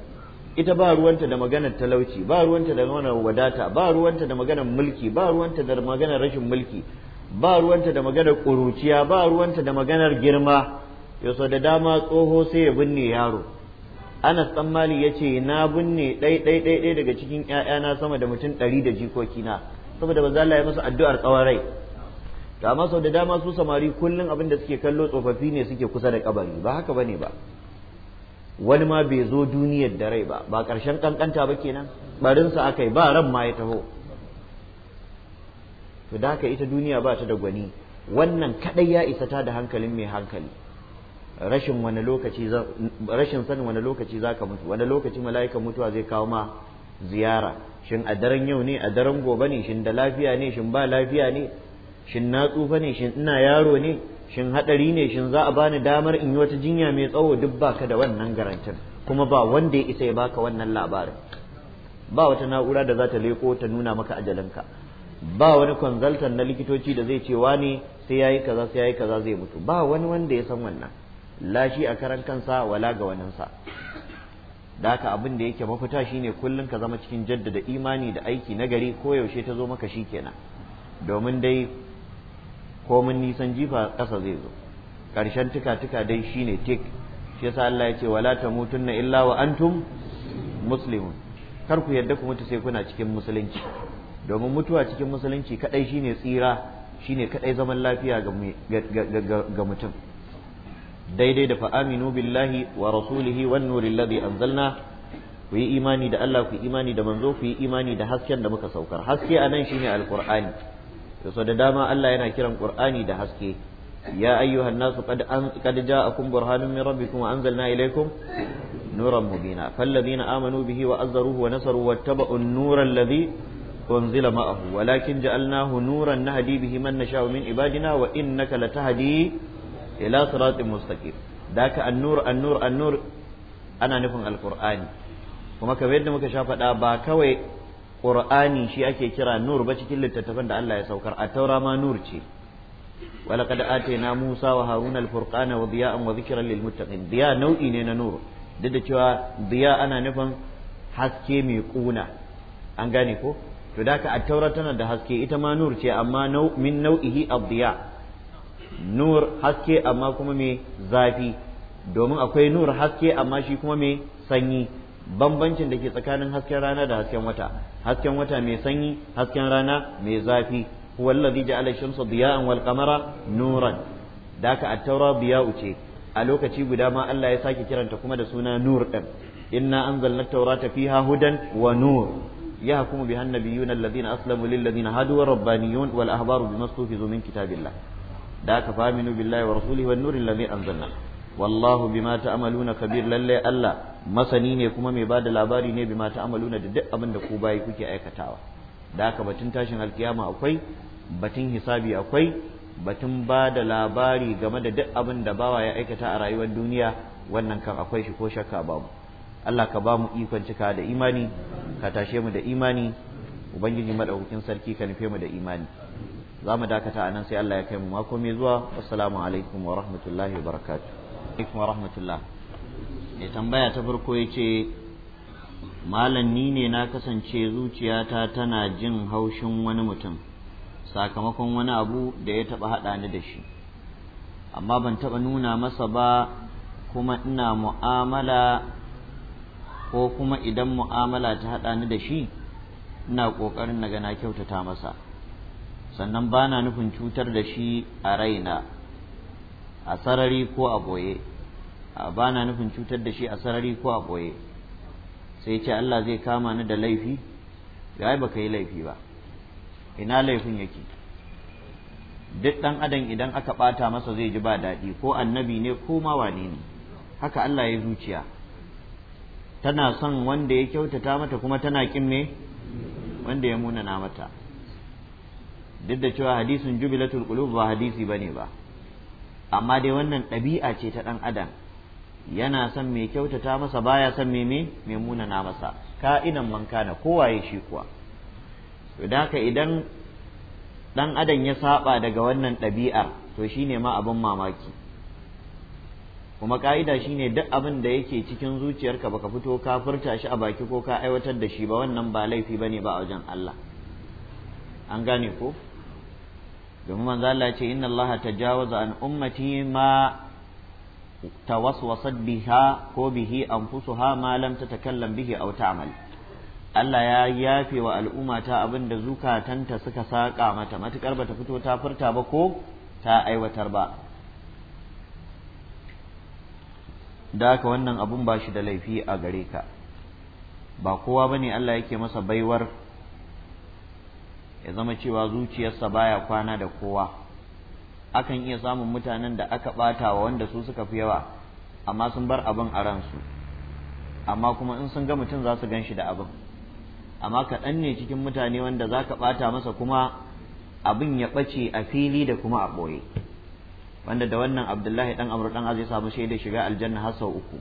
ita ba ruwanta da maganar talauci ba ruwanta da maganar wadata ba ruwanta da maganar mulki ba ruwanta da maganar rashin mulki ba ruwanta da maganar ƙuruciya ba ruwanta da maganar girma yaso da dama tsoho sai ya binne yaro anas dan mali ce na binne ɗai ɗai ɗai ɗai daga cikin 'ya'yana sama da mutum ɗari da jikoki na saboda ba Allah ya masa addu'ar tsawon rai to amma sau da dama su samari kullum abin da suke kallo tsofaffi ne suke kusa da kabari ba haka bane ba wani ma bai zo duniyar da rai ba ba ƙarshen kankanta ba kenan barinsa aka yi ba ran ma ya taho to da haka ita duniya ba ta da gwani wannan kadai ya isa ta da hankalin mai hankali rashin wani lokaci rashin sanin wani lokaci zaka mutu wani lokaci mala'ikan mutuwa zai kawo ma ziyara shin a daren yau ne a daren gobe ne shin da lafiya ne shin ba lafiya ne shin na tsufa ne shin ina yaro ne shin hadari ne shin za a bani damar in yi wata jinya mai tsawo duk baka da wannan garantin kuma ba wanda ya isa ya baka wannan labarin ba wata na'ura da za ta leko ta nuna maka ajalinka ba wani consultant na likitoci da zai ce wani sai yayi kaza sai yayi kaza zai mutu ba wani wanda ya san wannan la shi a karan kansa wala ga waninsa da haka abin da yake mafita shine kullum ka zama cikin jaddada imani da aiki na gari ko yaushe ta zo maka shikenan domin dai komin nisan jifa ƙasa zai zo karshen tuka-tuka dai shine tek shi yasa Allah ya ce wala tamutunna illa wa antum muslimun kar ku yarda ku mutu sai kuna cikin musulunci domin mutuwa cikin musulunci kadai shine tsira shine kadai zaman lafiya ga mutum daidai da fa'aminu billahi wa rasulihi wan nuril ladhi anzalna ku yi imani da Allah ku yi imani da manzo ku yi imani da hasken da muka saukar haske a nan shine alqur'ani to da dama Allah yana kiran qur'ani da haske ya ayyuhan nasu qad an qad ja'akum burhanun min rabbikum wa anzalna ilaykum nuran mubina falladhina amanu bihi wa azzaruhu wa nasaru wattaba'u an-nura alladhi أنزل معه ولكن جعلناه نورا نهدي به من نشاء من عبادنا وإنك لتهدي ila siratin mustaqim da ka annur annur annur ana nufin alqur'ani kuma kamar yadda muka sha faɗa ba kawai qur'ani shi ake kira nur ba cikin littattafan da Allah ya saukar a taura ma nur ce ولقد آتينا موسى وهارون الفرقان وضياء وذكرا للمتقين ضياء nau'i ne na nur duk da cewa ضياء ana nufin haske mai kuna an gane ko to da ka at-taura tana da haske ita ma nur ce amma min nau'ihi ad-diya nur haske amma kuma mai zafi domin akwai nur haske amma shi kuma mai sanyi bambancin da ke tsakanin hasken rana da hasken wata hasken wata mai sanyi hasken rana mai zafi huwa alladhi ja'ala shamsa diya'an wal qamara nuran daka at-taura biya'u ce a lokaci guda ma Allah ya sake kiranta kuma da suna nur din inna anzalna at-taurata fiha hudan wa nur يحكم بها aslamu الذين أسلموا للذين هادوا والربانيون والأحبار بما استوفزوا من كتاب الله da aka faminu billahi wa rasulihi wan nuril ladzi anzalna wallahu bima ta'maluna kabir lalle Allah masani ne kuma mai bada labari ne bima ta'maluna da duk abin da ku bayi kuke aikatawa da aka batun tashin alkiyama akwai batun hisabi akwai batun ba da labari game da duk abin da bawa ya aikata a rayuwar duniya wannan kan akwai shi ko shakka babu Allah ka bamu ikon cika da imani ka tashe mu da imani ubangiji madaukakin sarki ka nufe mu da imani za mu dakata a nan sai Allah ya kai mu mako mai zuwa assalamu alaikum wa rahmatullahi wa alaikum wa rahmatullah mai tambaya ta farko yace malam ni ne na kasance zuciyata tana jin haushin wani mutum sakamakon wani abu da ya taba haɗa ni da shi amma ban taɓa nuna masa ba kuma ina mu'amala ko kuma idan mu'amala ta haɗa ni da shi ina ƙoƙarin na ga na kyautata masa sannan ba na nufin cutar da shi a raina a sarari ko a boye ba na nufin cutar da shi a sarari ko a boye sai ce Allah zai kama ni da laifi ga ba ka yi laifi ba ina laifin yake duk ɗan adam idan aka ɓata masa zai ji ba daɗi ko annabi ne ko mawa wane ne haka Allah ya zuciya tana son wanda ya kyautata mata kuma tana ƙin wanda ya munana mata duk da cewa hadisin jubilatul qulub ba hadisi bane ba amma dai wannan ɗabi'a ce ta ɗan adam yana son mai kyautata masa baya son mai me mai munana masa ka'idan man kana kowa ya shi kuwa to haka idan ɗan adam ya saba daga wannan ɗabi'a to shine ma abin mamaki kuma ka'ida shine duk abin da yake cikin zuciyarka baka fito ka furta shi a baki ko ka aiwatar da shi ba wannan ba laifi bane ba a wajen Allah an gane ko domin manzo Allah ce inna Allah tajawaza an ummati ma tawaswasat biha ko bihi anfusuha ma lam tatakallam bihi aw ta'mal Allah ya yafe wa al'umma ta abin da zukatanta suka saka mata matukar bata fito ta furta ba ko ta aiwatar ba da haka wannan abun ba shi da laifi a gare ka ba kowa ba ne Allah yake masa baiwar ya zama cewa zuciyarsa baya kwana da kowa akan iya samun mutanen da aka ɓata wa wanda su suka fi yawa amma sun bar abin a ransu amma kuma in sun ga mutum za su gan shi da abin amma kaɗan ne cikin mutane wanda za ka ɓata masa kuma abin ya ɓace a fili da kuma a ɓoye wanda da wannan abdullahi ɗan amur ɗan aziz samu shaidar shiga aljanna har sau uku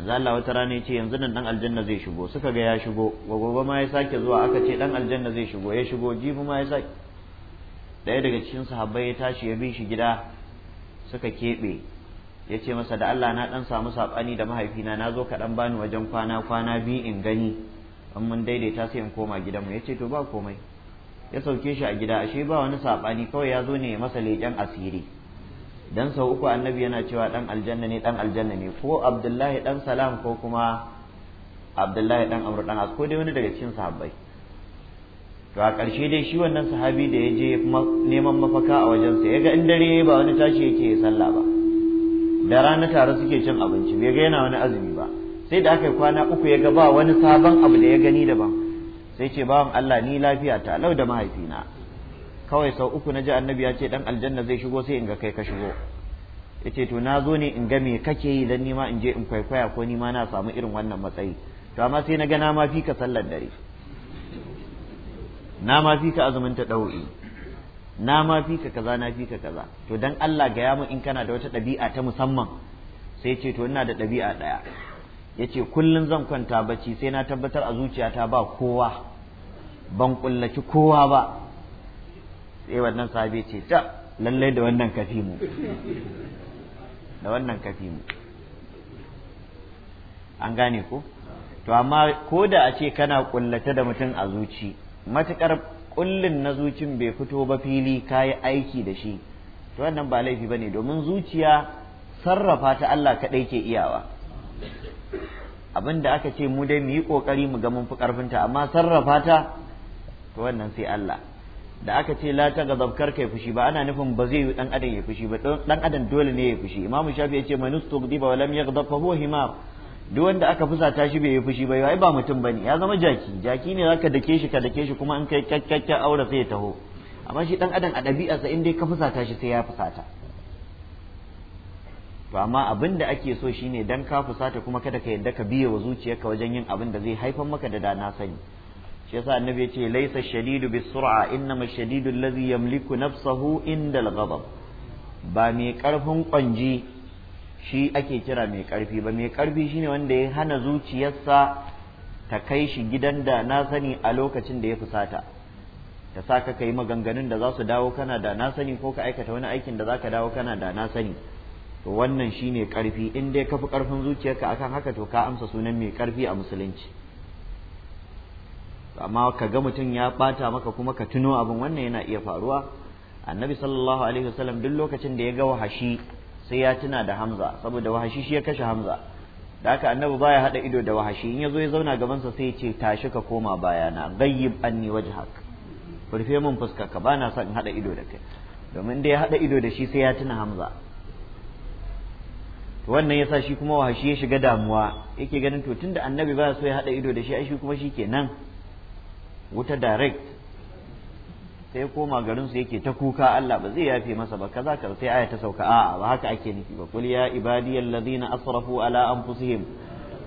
yanzu Allah wata rana ya ce yanzu nan dan aljanna zai shigo suka ga ya shigo gobe ma ya sake zuwa aka ce dan aljanna zai shigo ya shigo jibi ma ya sake daya daga cikin sahabbai ya tashi ya bi shi gida suka keɓe ya ce masa da Allah na dan samu sabani da mahaifina na zo ka dan bani wajen kwana kwana biyu in gani in mun daidaita sai in koma gidanmu ya ce to ba komai ya sauke shi a gida ashe ba wani sabani kawai ya zo ne masa leƙen asiri dan sau uku annabi yana cewa dan aljanna ne dan aljanna ne ko abdullahi dan salam ko kuma abdullahi dan amr dan as ko dai wani daga cikin sahabbai to a ƙarshe dai shi wannan sahabi da ya je neman mafaka a wajensa ya ga in dare ba wani tashi yake sallah ba da rana tare suke cin abinci bai ga yana wani azumi ba sai da aka kwana uku ya ga ba wani sabon abu da ya gani daban sai ce bawan Allah ni lafiya ta lau da mahaifina kawai sau uku na ji annabi ya ce dan aljanna zai shigo sai in ga kai ka shigo yace to na zo ne in ga me kake yi dan nima in je in kwaikwaya ko nima na samu irin wannan matsayi to amma sai na ga na ma fi ka sallar dare na ma fi ka azumin ta ɗau'i na ma fi ka kaza na fi ka kaza to dan Allah gaya mu in kana da wata ɗabi'a ta musamman sai ce to ina da ɗabi'a ɗaya yace kullum zan kwanta bacci sai na tabbatar a zuciyata ba kowa ban kullaci kowa ba sai wannan sahabi ce ta lallai da wannan kafi mu da wannan kafi mu an gane ko to amma ko da a ce kana kullata da mutum a zuci matukar kullin na zucin bai fito ba fili yi aiki da shi to wannan ba laifi ba ne domin zuciya sarrafa ta Allah kaɗai ke iyawa abinda aka ce mu dai mu yi ƙoƙari mu ga mun fi ƙarfinta amma sarrafa ta to wannan sai Allah da aka ce la ta gazab kar kai fushi ba ana nufin ba zai yi dan adam ya fushi ba dan adam dole ne ya fushi imamu shafi ya ce man ustughdiba wa lam yaghdab fa huwa himar duk wanda aka fusata shi bai yi fushi ba ai ba mutum bane ya zama jaki jaki ne zaka dake shi ka dake shi kuma in kai kakkakken aure sai ya taho amma shi dan adam a dabi'arsa in dai ka fusata shi sai ya fusata to amma abin da ake so shine dan ka fusata kuma kada ka yadda ka biye wa zuciyarka wajen yin abin da zai haifar maka da dana sani shi yasa annabi ya ce laisa shadidu bis sur'a innama shadidu allazi yamliku nafsahu indal ghadab ba mai karfin kwanji shi ake kira mai karfi ba mai karfi shine wanda ya hana zuciyarsa ta kai shi gidan da na sani a lokacin da ya fusata ta sa ka kai maganganun da za su dawo kana da na sani ko ka aikata wani aikin da za ka dawo kana da na sani to wannan shine karfi in dai ka fi karfin zuciyarka akan haka to ka amsa sunan mai karfi a musulunci amma ka ga mutum ya bata maka kuma ka tuno abin wannan yana iya faruwa annabi sallallahu alaihi wasallam duk lokacin da ya ga wahashi sai ya tuna da hamza saboda wahashi shi ya kashe hamza da haka annabi baya hada ido da wahashi in ya zo ya zauna gaban sa sai ya ce tashi ka koma bayana gayyib anni wajhak furfe mun fuska ka bana son hada ido da kai domin da ya hada ido da shi sai ya tuna hamza wannan yasa shi kuma wahashi ya shiga damuwa yake ganin to tunda annabi ba so ya hada ido da shi ai shi kuma shikenan wuta direct sai koma garin su yake ta kuka Allah ba zai yafe masa ba kaza kaza sai aya ta sauka a'a ba haka ake nufi ba kul ya ibadiyal ladina asrafu ala anfusihim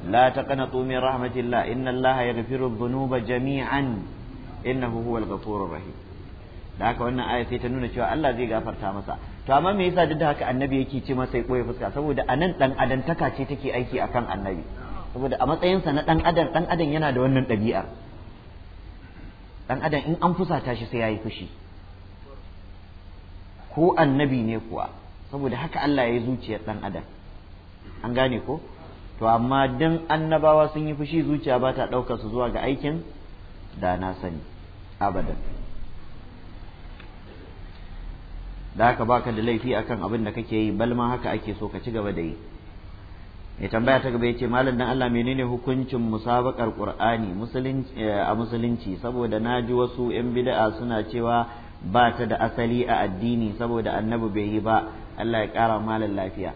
la taqnatu min rahmatillah inna allaha yaghfiru dhunuba jami'an innahu huwal ghafurur rahim da haka wannan aya sai ta nuna cewa Allah zai gafarta masa to amma me yasa duk da haka annabi yake ce masa ya fuska saboda anan dan adantaka ce take aiki akan annabi saboda a matsayinsa na dan adam dan adam yana da wannan ɗabi'ar dan adam in an fusata shi sai yayi fushi ko annabi ne kuwa saboda haka Allah ya yi zuciyar dan adam an gane ko to amma dan annabawa sun yi fushi zuciya ba ta ɗaukar su zuwa ga aikin da na sani abadan da haka baka da laifi akan abin da kake yi balma haka ake so ka ci gaba da yi ya tambaya ta gaba ya ce malam dan Allah menene hukuncin musabakar qur'ani eh, a musulunci saboda na ji wasu yan bid'a suna cewa ba ta da asali a addini saboda annabi bai yi ba Allah ya kara malam lafiya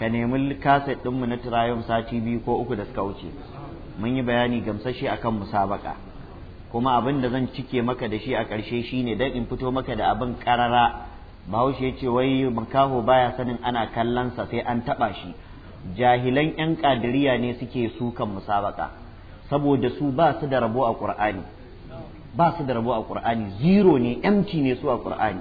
ka nemi kaset ɗinmu na tirayon sati biyu ko uku da suka wuce mun yi bayani gamsashe akan musabaka kuma abin da zan cike maka da shi a ƙarshe shine dan in fito maka da abin karara bahaushe ya ce wai makaho baya sanin ana sa sai an taɓa shi jahilan 'yan ƙadiriya ne suke sukan musabaka saboda su ba su da rabo a ƙur'ani ba su da rabo a ƙur'ani zero ne empty ne su a ƙur'ani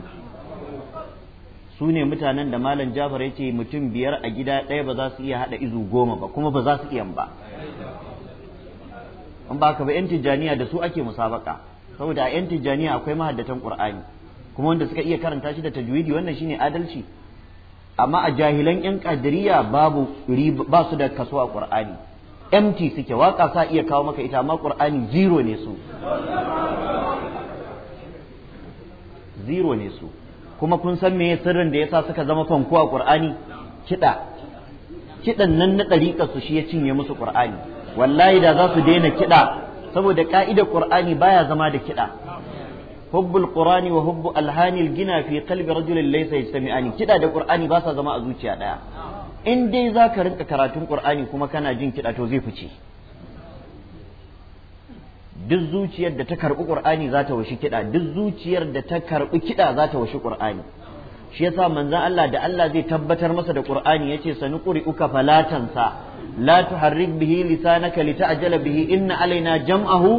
su ne mutanen da malam jafar ya ce mutum biyar a gida ɗaya ba za su iya haɗa izu goma ba kuma ba za su iya ba an ba ka ba 'yan tijjaniya da su ake musabaka saboda a 'yan tijjaniya akwai mahaddatan ƙur'ani kuma wanda suka iya karanta shi da tajwidi wannan shine adalci amma a jahilan yan kadiriya babu ba su da kaso a qur'ani empty suke waka sa iya kawo maka ita amma qur'ani zero ne su zero ne su kuma kun san meye sirrin da ya sa suka zama fanko a qur'ani kiɗa kiɗan nan na ɗariƙa su shi ya cinye musu qur'ani wallahi da za su daina kiɗa saboda ka'idar qur'ani baya zama da kiɗa hubbul qur'ani wa hubbu alhanil gina fi qalbi rajulin laysa sami'a'ni, kiɗa da qur'ani ba sa zama a zuciya ɗaya. in dai zaka rinka karatun qur'ani kuma kana jin kiɗa to zai fice duk zuciyar da ta karbi ƙur'ani za ta washi kiɗa. duk zuciyar da ta karbi kiɗa za ta washi ƙur'ani. shi yasa manzon Allah da Allah zai tabbatar masa da ƙur'ani yace sanuquri uka falatansa la tuharrik bihi lisanaka lita'jala bihi inna alaina jam'ahu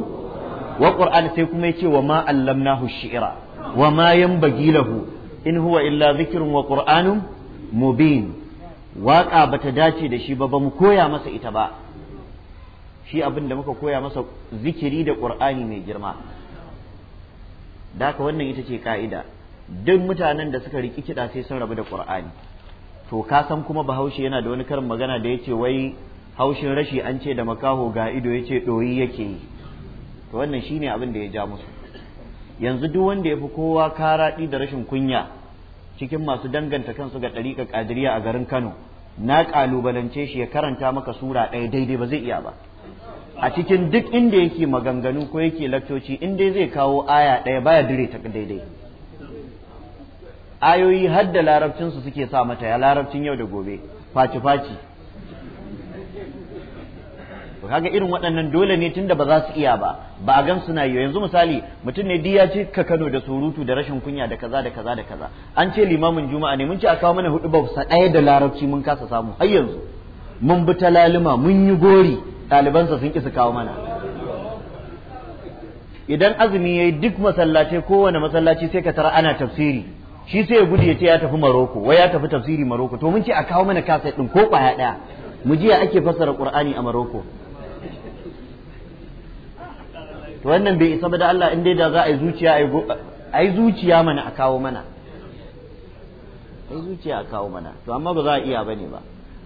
wa qur'ani sai kuma yace wa ma allamnahu shi'ra wa ma yanbaghi lahu in huwa illa dhikrun wa qur'anun mubin waka bata dace da shi ba bamu koya masa ita ba shi abin da muka koya masa zikiri da qur'ani mai girma daka wannan ita ce ka'ida duk mutanen da suka riki kiɗa sai sun rabu da qur'ani to ka san kuma bahaushe yana da wani karin magana da yace wai haushin rashi an ce da makaho ga ido yace doyi yake yi to wannan shine abin da ya ja musu yanzu duk wanda ya fi kowa karaɗi da rashin kunya cikin masu danganta kansu ga ɗariƙa ƙadiriya a garin Kano na ƙalubalance shi ya karanta maka sura ɗaya daidai ba zai iya ba a cikin duk inda yake maganganu ko yake lakcoci in dai zai kawo aya ɗaya baya dire ta daidai ayoyi har da larabcinsu suke sa mata ya larabcin yau da gobe faci faci to kaga irin waɗannan dole ne tunda ba za su iya ba ba a gan suna yi yanzu misali mutum ne diya ce ka Kano da surutu da rashin kunya da kaza da kaza da kaza an ce limamin juma'a ne mun ce a kawo mana hudu ba ɗaya da larabci mun kasa samu har yanzu mun bi ta lalima mun yi gori ɗalibansa sun ƙi su kawo mana idan azumi yayi duk masallaci kowane masallaci sai ka tara ana tafsiri shi sai ya gudu ya ce ya tafi maroko wai ya tafi tafsiri maroko to mun ce a kawo mana kasa ɗin ko ƙwaya ɗaya mu jiya ake fassara qur'ani a maroko to wannan bai isa ba da Allah in dai da za a yi zuciya a yi zuciya mana a kawo mana a yi zuciya a kawo mana to amma ba za a iya bane ba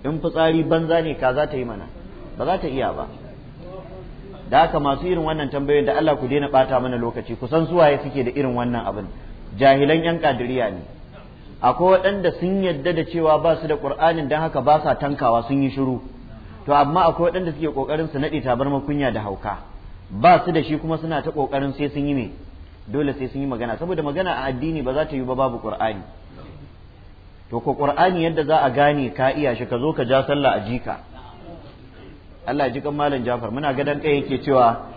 in fitsari banza ne ka za ta yi mana ba za ta iya ba da haka masu irin wannan tambayoyin da Allah ku daina bata mana lokaci kusan suwaye suke da irin wannan abin jahilan yan kadiriya ne akwai waɗanda sun yadda da cewa ba su da qur'anin don haka ba sa tankawa sun yi shiru to amma akwai waɗanda suke kokarin su naɗe tabarma kunya da hauka ba su da shi kuma suna ta kokarin sai sun yi me dole sai sun yi magana saboda magana a addini ba za ta yi ba babu qur'ani to ko qur'ani yadda za a gane ka iya shi ka zo ka ja sallah a jika Allah ji kan malam Jafar muna dan kai yake cewa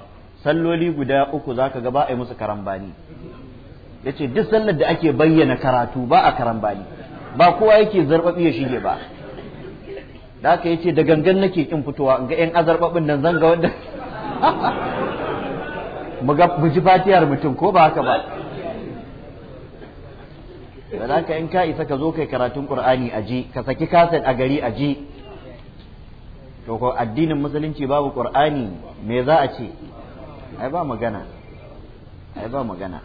salloli guda uku zaka ga ba a yi musu karambani yace duk sallar da ake bayyana karatu ba a karambani ba kowa yake zarbabi ya shige ba da haka yace da gangan nake kin fitowa ga yan azarbabin nan zan wanda mu ji fatiyar mutum ko ba haka ba da za ka in ka isa ka zo kai karatun ƙur'ani a ji ka saki kaset a gari a ji to ko addinin musulunci babu ƙur'ani me za a ce ai ba magana ai ba magana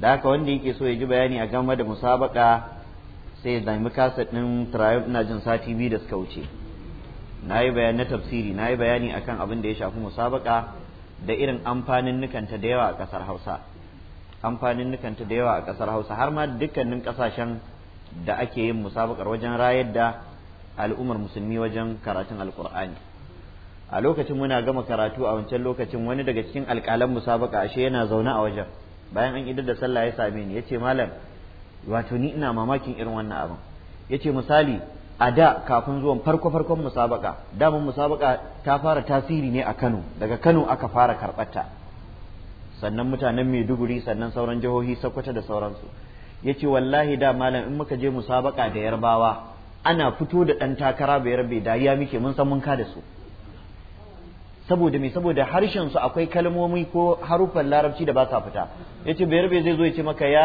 da haka wanda yake so ya ji bayani a game da musabaka sai ya nemi kaset ɗin triumph ina jin sati biyu da suka wuce na yi bayan na tafsiri na yi bayani akan abin da ya shafi musabaka da irin amfanin nukanta da yawa a ƙasar hausa amfanin nukanta da yawa a ƙasar hausa har ma dukkanin ƙasashen da ake yin musabakar wajen rayar da al'ummar musulmi wajen karatun alƙur'ani a lokacin muna gama karatu a wancan lokacin wani daga cikin alƙalan musabaka ashe yana zaune a wajen bayan an idar da sallah ya same ni ya ce malam wato ni ina mamakin irin wannan abin ya ce misali a da kafin zuwan farko farkon musabaka damar musabaka ta fara tasiri ne a Kano daga Kano aka fara karbata sannan mutanen Maiduguri sannan sauran jihohi Sokoto da sauransu Ya ce wallahi da malam in muka je musabaka da Yarbawa ana fito da ɗan takara bai dariya muke mun san mun ka da su saboda me saboda harshen su akwai kalmomi ko haruffan larabci da ba sa fita yace bai rabe zai zo ya ce maka ya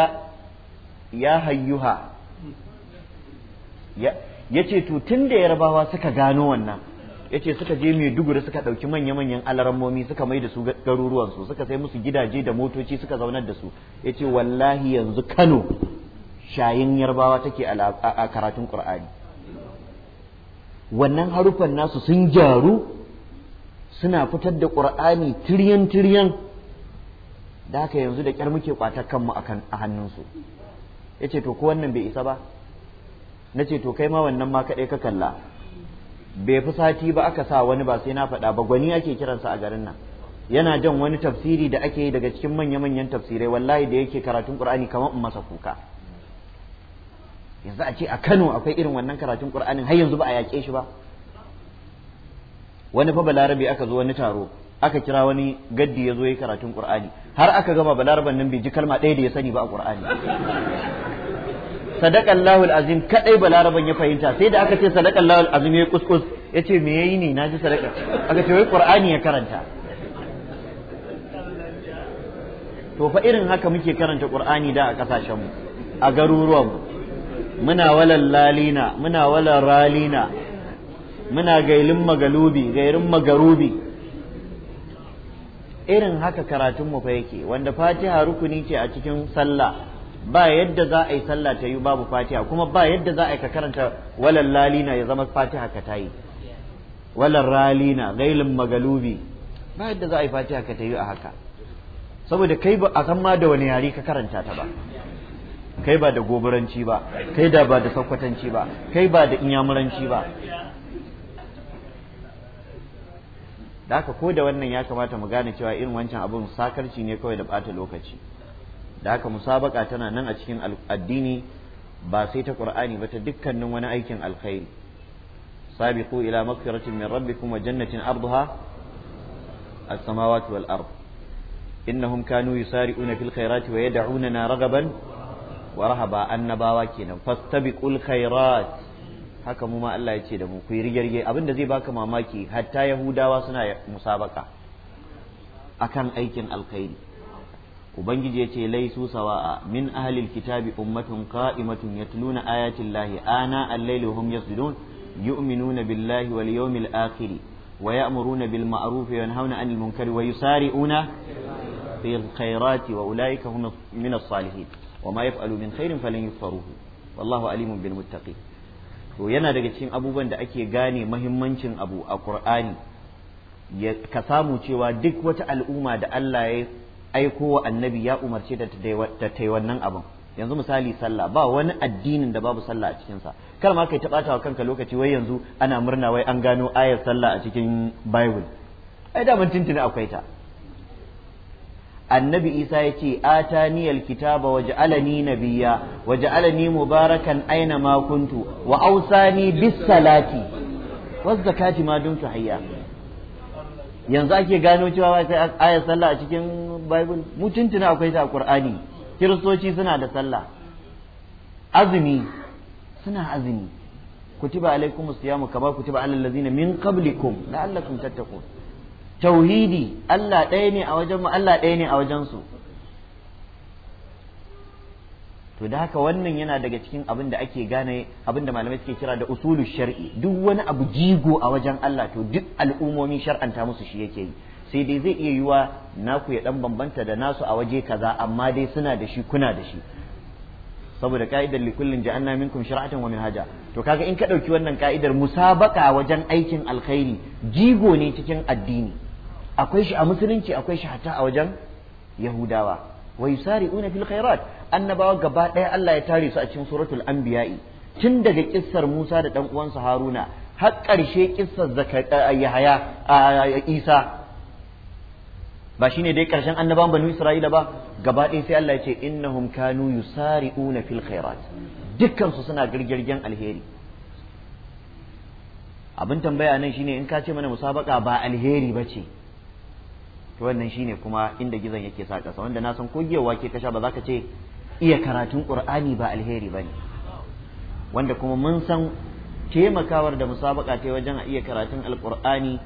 ya hayyuha yace to da yarbawa suka gano wannan yace suka je Maiduguri suka ɗauki manya-manyan alarammomi suka mai da su garuruwan su suka sai musu gidaje da motoci suka zaunar da su yace wallahi yanzu Kano shayin yarbawa take a karatun ƙur'ani wannan harufan nasu sun jaru suna fitar da ƙur'ani tiryan tiryan da haka yanzu da kyar muke kwatar kanmu a hannunsu yace to ko wannan bai isa ba na ce to kai ma wannan ma kaɗai ka kalla bai fi sati ba aka sa wani ba sai na faɗa ba gwani ake kiransa a garin nan yana jan wani tafsiri da ake yi daga cikin manya-manyan tafsirai wallahi da yake karatun qur'ani kamar in masa kuka yanzu a ce a kano akwai irin wannan karatun qur'anin har yanzu ba a yaƙe shi ba wani fa balarabe aka zo wani taro aka kira wani gaddi ya zo yi karatun ƙur'ani har aka gama Balarabe nan bai ji kalma ɗaya da ya sani ba a ƙur'ani sadakallahu alazim kadai balaraban ya fahimta sai da aka ce sadakallahu alazim ya kuskus yace me yayi ne naji sadaka aka ce wai qur'ani ya karanta to fa irin haka muke karanta qur'ani da a kasashen mu a garuruwan mu muna walan lalina muna walan ralina muna gailin magalubi gairin magarubi irin haka karatun mu fa yake wanda fatiha rukuni ce a cikin sallah ba yadda za a yi sallah ta yi babu fatiha kuma ba yadda za a yi ka karanta walal lalina ya zama fatiha ka ta yi walal ralina gailin magalubi ba yadda za a yi fatiha ka ta yi a haka saboda kai ba a san ma da wani yari ka karanta ta ba kai ba da goburanci ba kai da ba da sakwatanci ba kai ba da inyamuranci ba da haka ko da wannan ya kamata mu gane cewa irin wancan abun sakarci ne kawai da ɓata lokaci da haka musabaka tana nan a cikin addini ba sai ta qur'ani ba ta dukkanin wani aikin alkhairi sabiqu ila magfiratin min rabbikum wa jannatin arduha as-samawati wal ard innahum kanu yusari'una fil khairati wa yad'unana ragaban wa rahaba annabawa kenan fastabiqul khairat haka mu ma Allah ya ce da mu ku yi rigirge abinda zai baka mamaki hatta yahudawa suna musabaka akan aikin alkhairi ubangiji yace laisu sawa'a min ahlil kitabi ummatun qa'imatun yatluna ayati llahi ana al-layli hum yasjudun yu'minuna billahi wal yawmil akhir wa ya'muruna bil ma'ruf wa yanhauna 'anil munkari wa yusari'una fil khairati wa ulaika hum min as-salihin wa ma yaf'alu min khairin falan yufaruhu wallahu alimun bil muttaqin to yana daga cikin abubuwan da ake gane muhimmancin abu a Qur'ani ya ka samu cewa duk wata al'umma da Allah ya aiko wa annabi ya umarce da ta yi wannan abin yanzu misali sallah ba wani addinin da babu sallah a cikinsa kar ma kai taɓata wa kanka lokaci wai yanzu ana murna wai an gano ayar sallah a cikin bible ai da mun tuntuni akwai ta annabi isa ya ce atani alkitaba wa ja'alani nabiyya wa ja'alani mubarakan aina ma kuntu wa ausani bis salati wa zakati ma dumtu hayya yanzu ake gano cewa sai ayar sallah a cikin bible mutuntuna akwai ta qur'ani kiristoci suna da sallah azumi suna azumi kutiba alaikum siyamu kama kutiba alal ladzina min qablikum la'allakum tattaqun tauhidi Allah ɗaya ne a wajen mu Allah ɗaya ne a wajen su to da haka wannan yana daga cikin abin da ake gane abin da malamai suke kira da usulu shar'i duk wani abu jigo a wajen Allah to duk al'umomi shar'anta musu shi yake yi sai dai zai iya yiwa naku ya dan bambanta da nasu a waje kaza amma dai suna da shi kuna da shi saboda ka'idar li kullin ja'anna minkum shar'atan wa minhaja to kaga in ka dauki wannan ka'idar musabaka wajen aikin alkhairi jigo ne cikin addini akwai shi a musulunci akwai shi hatta a wajen yahudawa wa yusari'una fil khairat annabawa gaba ɗaya Allah ya tare su a cikin suratul anbiya'i tun daga kissar Musa da ɗan uwansa Haruna har ƙarshe kissar Yahaya Isa ba shine dai ƙarshen annabawan banu Isra'ila ba gaba ɗaya sai Allah ya ce innahum kanu yusari'una fil khairat dukkan su suna girgirgen alheri abin tambaya nan shine in ka ce mana musabaka ba alheri ba ce wannan shine kuma inda gizon yake sa ƙasa wanda na san ko giyawa ke kasha ba za ka ce iya karatun qur'ani ba alheri bane wanda kuma mun san taimakawar da musabaka ta wajen iya karatun alqur'ani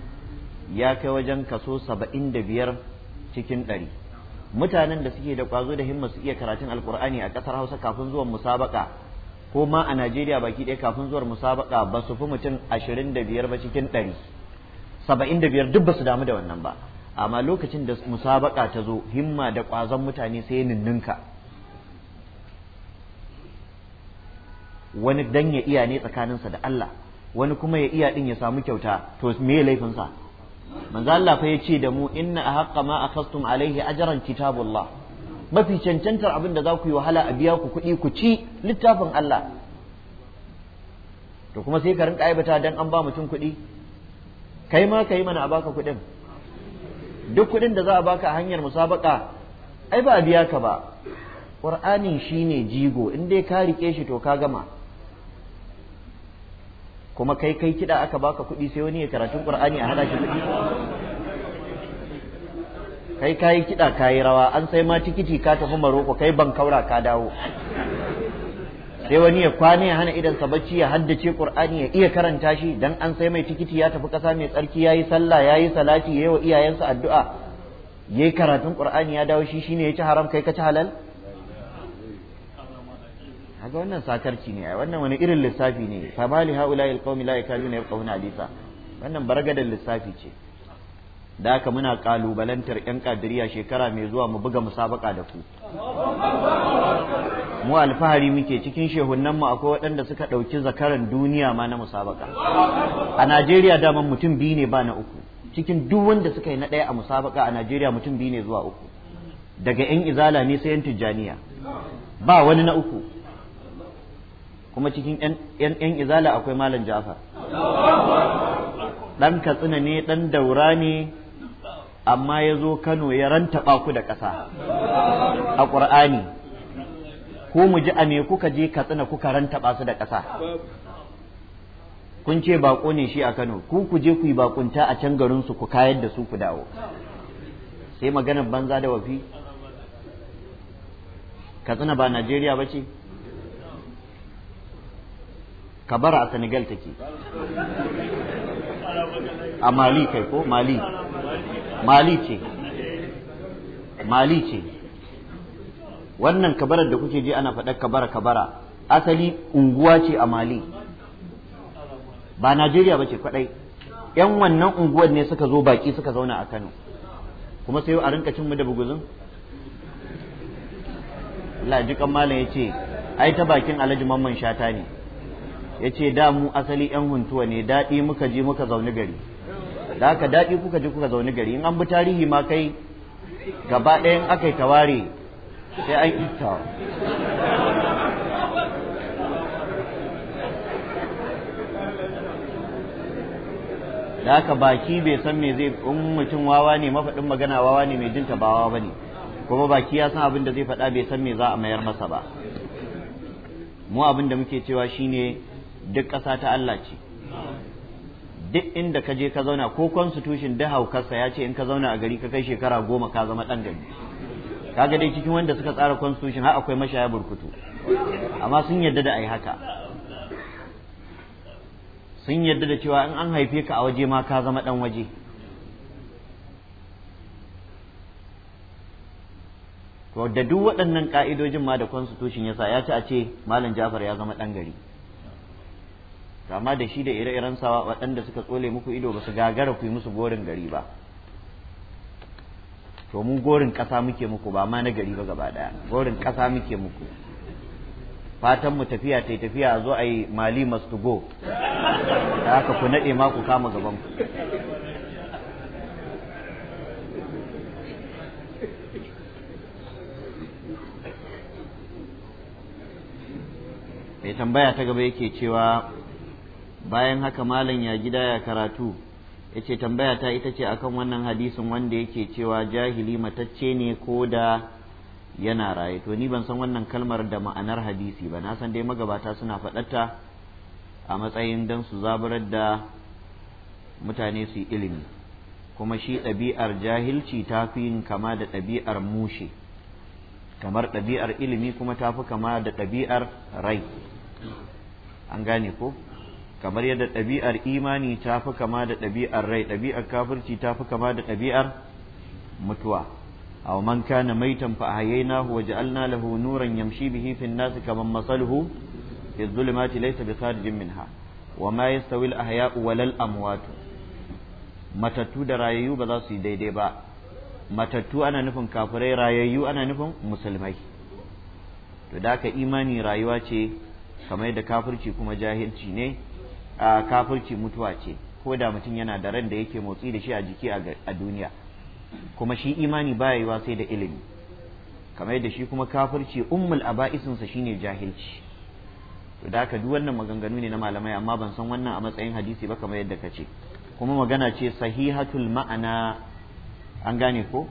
ya kai wajen kaso saba'in da biyar cikin ɗari mutanen da suke da ƙwazo da himma su iya karatun alqur'ani a ƙasar hausa kafin zuwan musabaka ko ma a najeriya baki ɗaya kafin zuwar musabaka ba su fi mutum ashirin da biyar ba cikin ɗari saba'in da biyar duk ba su damu da wannan ba amma lokacin da musabaka ta zo himma da ƙwazon mutane sai ninninka wani dan ya iya ne tsakaninsa da Allah wani kuma ya iya din ya samu kyauta to me laifin sa manzo Allah fa yace da mu inna ahqqa ma akhastum alaihi ajran kitabullah mafi cancantar abin da za ku yi wahala a biya ku kuɗi ku ci littafin Allah to kuma sai ka rinka aibata dan an ba mutum kuɗi kai ma kai mana a baka kuɗin duk kuɗin da za a baka a hanyar musabaka ai ba a biya ka ba qur'ani shine jigo in dai ka rike shi to ka gama kuma kai kai kida aka baka kuɗi sai wani ya karatun qur'ani a hada shi kuɗi kai kayi kiɗa kayi rawa an sai ma tikiti ka tafi maroko kai ban kaura ka dawo sai wani ya kwana ya hana sa bacci ya haddace qur'ani ya iya karanta shi dan an sai mai tikiti ya tafi kasa mai tsarki yayi sallah yayi salati yayi wa iyayensa addu'a yayi karatun qur'ani ya dawo shi shine ya ci haram kai ka ci halal kaga wannan sakarci ne ai wannan wani irin lissafi ne famali haula il qaumi la yakaduna yafqahuna hadisa wannan baragadan lissafi ce da haka muna kalubalantar yan kadiriya shekara mai zuwa mu buga musabaka da ku mu alfahari muke cikin shehunnan mu akwai waɗanda suka ɗauki zakaran duniya ma na musabaka a Najeriya daman mutum biyu ne ba na uku cikin duk wanda suka yi na ɗaya a musabaka a Najeriya mutum biyu ne zuwa uku daga yan izala ne sai yan tijjaniya ba wani na uku kuma cikin yan izala akwai malam ja'far Ɗan katsina ne ɗan daura ne amma ya zo kano ya ranta ku da ƙasa a ƙur'ani ko mu ji a me kuka je katsina kuka ranta su da ƙasa kun ce baƙo ne shi a kano ku ku je ku yi baƙunta a can garinsu ku kayar da su ku dawo sai maganar banza da wafi katsina ba najeriya ba ce kabara a senegal take a mali kai ko mali mali ce mali ce wannan kabarar da kuke ji ana faɗa kabara kabara asali unguwa ce a mali ba najeriya ba ce kwaɗai yan wannan unguwar ne suka zo baki suka zauna a kano kuma sai a rinka cin mu da buguzin lajikan malam ya ce ai ta bakin alhaji mamman shata ne yace da mu asali yan huntuwa ne daɗi muka ji muka zaune gari da haka daɗi kuka ji kuka zaune gari in an bi tarihi ma kai gaba ɗayan aka yi taware sai an ita da haka baki bai san me zai in mutum wawa ne mafaɗin magana wawa ne mai jinta ba wawa kuma baki ya san abin da zai faɗa bai san me za a mayar masa ba mu abin da muke cewa shine duk ƙasa ta Allah ce duk inda ka je ka zauna ko constitution da haukarsa ya ce in ka zauna a gari ka kai shekara goma ka zama ɗan gari kaga dai cikin wanda suka tsara constitution har akwai mashaya burkutu amma sun yarda da ai haka sun yarda da cewa in an haife ka a waje ma ka zama ɗan waje to da duk waɗannan ƙa'idojin ma da constitution yasa ya ci a ce malam jafar ya zama ɗan gari to amma da shi da ire-iren sawa waɗanda suka tsole muku ido ba su gagara ku yi musu gorin gari ba to mu gorin ƙasa muke muku ba ma na gari ba gaba ɗaya gorin ƙasa muke muku fatan mu tafiya ta tafiya a zo a yi mali must go da aka ku naɗe ma ku kama gaban ku mai tambaya ta gaba yake cewa bayan haka malam ya gida ya karatu yace tambaya ta ita ce akan wannan hadisin wanda yake cewa jahili matacce ne ko da yana raye to ni ban san wannan kalmar da ma'anar hadisi ba na san dai magabata suna faɗata a matsayin don su zaburar da mutane su yi ilimi kuma shi ɗabi'ar jahilci ta fi yin kama da ɗabi'ar mushe kamar ɗabi'ar ilimi kuma ta fi kama da ɗabi'ar rai an gane ko kamar yadda ɗabi'ar imani ta fi kama da ɗabi'ar rai ɗabi'ar kafirci ta fi kama da ɗabi'ar mutuwa aw man kana maitan fa ahyaynahu wa ja'alna lahu nuran yamshi bihi fi an-nas kaman masaluhu fi adh-dhulumati laysa bi kharijin minha wa ma yastawi al-ahya'u uwalal amwat matattu da rayayyu ba za su yi daidai ba matattu ana nufin kafirai rayayyu ana nufin musulmai to da aka imani rayuwa ce kamar da kafirci kuma jahilci ne kafirci mutuwa ce ko da mutum yana da ran da yake motsi da shi a jiki a duniya kuma shi imani baya yiwa sai da ilimi kamar yadda shi kuma kafirci ummul aba'isinsa shine jahilci to da haka duk wannan maganganu ne na malamai amma ban san wannan a matsayin hadisi ba kamar yadda kace kuma magana ce sahihatul ma'ana an gane ko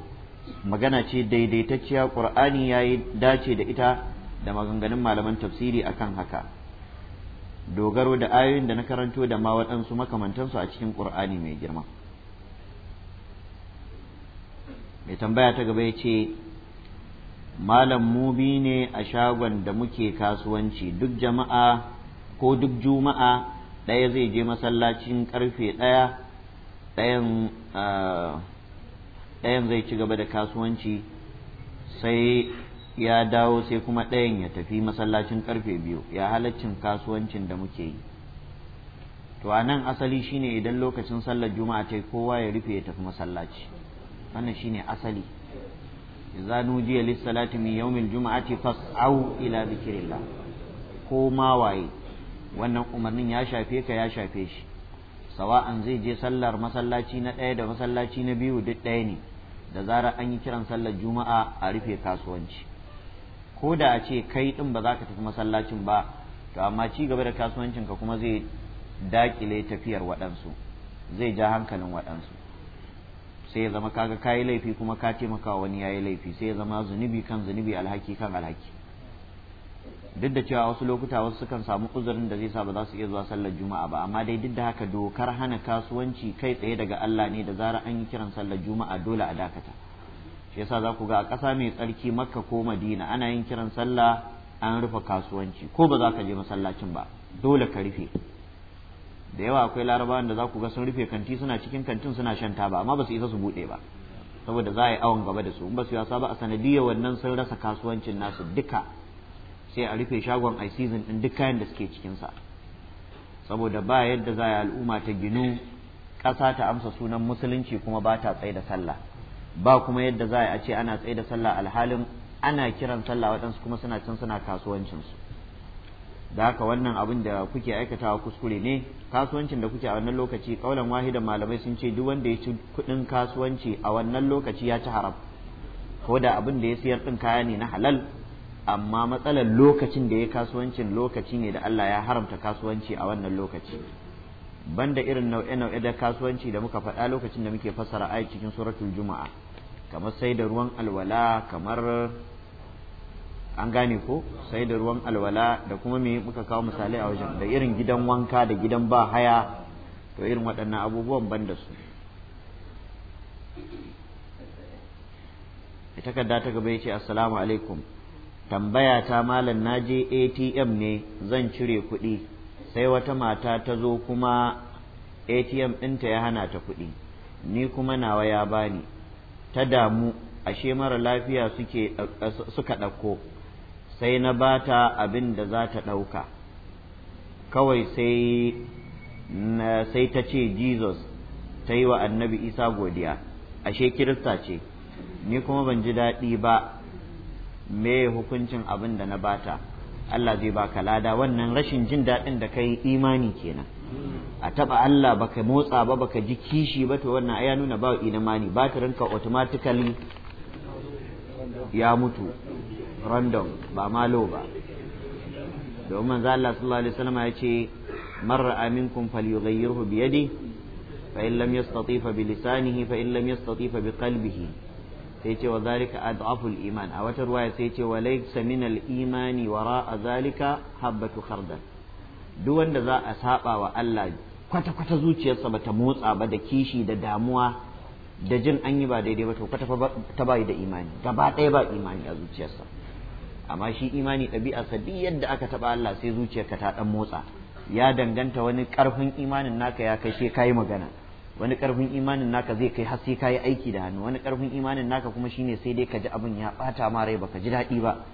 magana ce daidaitacciya qur'ani yayi dace da ita da maganganun malaman tafsiri akan haka dogaro da ayoyin da na karanto da ma waɗansu makamantansu a cikin ƙur'ani mai girma mai tambaya ta gaba ya ce malam mubi ne a shagon da muke kasuwanci duk jama'a ko duk juma'a ɗaya zai je masallacin ƙarfe ɗaya ɗayan ah, zai ci gaba da kasuwanci sai ya dawo sai kuma ɗayan ya tafi masallacin karfe biyu ya halaccin kasuwancin da muke yi to a nan asali shine idan lokacin sallar juma'a ta kowa ya rufe ya tafi masallaci wannan shine asali idza nudiya lis salati min ce fas au ila zikrillah ko ma waye wannan umarnin ya shafe ka ya shafe shi sawa'an zai je sallar masallaci na ɗaya da masallaci na biyu duk ɗaya ne da zarar an yi kiran sallar juma'a a rufe kasuwanci ko da a ce kai din ba za ka tafi masallacin ba to amma ci gaba da kasuwancin ka kuma zai dakile tafiyar waɗansu zai ja hankalin waɗansu sai ya zama kaga yi laifi kuma ka taimaka wani ya yi laifi sai ya zama zunubi kan zunubi alhaki kan alhaki duk da cewa wasu lokuta wasu sukan samu uzurin da zai sa ba za su iya zuwa sallar juma'a ba amma dai duk da haka dokar hana kasuwanci kai tsaye daga Allah ne da zarar an yi kiran sallar juma'a dole a dakata shi yasa za ku ga a ƙasa mai tsarki makka ko madina ana yin kiran sallah an rufe kasuwanci ko ba za ka je masallacin ba dole ka rufe da yawa akwai larabawan da za ku ga sun rufe kanti suna cikin kantin suna shan taba amma ba su isa su buɗe ba saboda za a yi awon gaba da su in ba su yasa ba a sanadiyar wannan sun rasa kasuwancin nasu duka sai a rufe shagon a season ɗin duk kayan da suke cikinsa saboda ba yadda za a yi al'umma ta ginu ƙasa ta amsa sunan musulunci kuma ba ta tsaye da sallah ba kuma yadda za a ce ana tsaye da sallah alhalin ana kiran sallah waɗansu kuma suna can suna kasuwancinsu da haka wannan abin da kuke aikatawa kuskure ne kasuwancin da kuke a wannan lokaci kaulan wahida malamai sun ce duk wanda ya ci kuɗin kasuwanci a wannan lokaci ya ci haram ko da abin da ya siyar ɗin kaya ne na halal amma matsalar lokacin da ya kasuwancin lokaci ne da Allah ya haramta kasuwanci a wannan lokaci banda irin nau'e-nau'e da kasuwanci da muka faɗa lokacin da muke fassara ayi cikin suratul juma'a kamar sai da ruwan alwala kamar an gane ko sai da ruwan alwala da kuma me muka kawo misalai a wajen da irin gidan wanka da gidan ba haya to irin waɗannan abubuwan ban da su takarda ta gaba yace assalamu alaikum tambaya ta malam naje ATM ne zan cire kuɗi sai wata mata ta zo kuma ATM ɗinta ya hana ta kuɗi ni kuma nawa ya bani ta damu ashe mara lafiya suke suka ɗauko sai na bata abin da za ta ɗauka kawai sai sai ta ce jesus ta yi wa annabi isa godiya ashe kirista ce ni kuma ban ji daɗi ba me hukuncin abin da na bata Allah zai baka lada wannan rashin jin daɗin da kai imani kenan a taba Allah baka motsa ba baka ji kishi ba to wannan ya nuna ba imani batirinka automatically ya mutu random ba malo ba domin manzo Allah sallallahu alaihi wasallam ya ce man ra'a minkum falyughayyirhu bi yadihi fa in lam yastati fa bi lisanihi fa in lam yastati fa bi qalbihi sai ce wa zalika ad'afu al-iman a wata ruwaya sai ce wa laysa min al-imani wara'a zalika habatu khardal duk wanda za a saba wa Allah kwata-kwata zuciyarsa ba ta motsa ba da kishi da damuwa da jin an yi ba daidai ba to kwata ta bayi da imani gaba ɗaya ba imani a zuciyarsa amma shi imani ɗabi'a sabi yadda aka taɓa Allah sai zuciyarka ta ɗan motsa ya danganta wani ƙarfin imanin naka ya kai ka yi magana wani ƙarfin imanin naka zai kai har sai ka yi aiki da hannu wani ƙarfin imanin naka kuma shine sai dai ka ji abin ya ɓata ma rai baka ji daɗi ba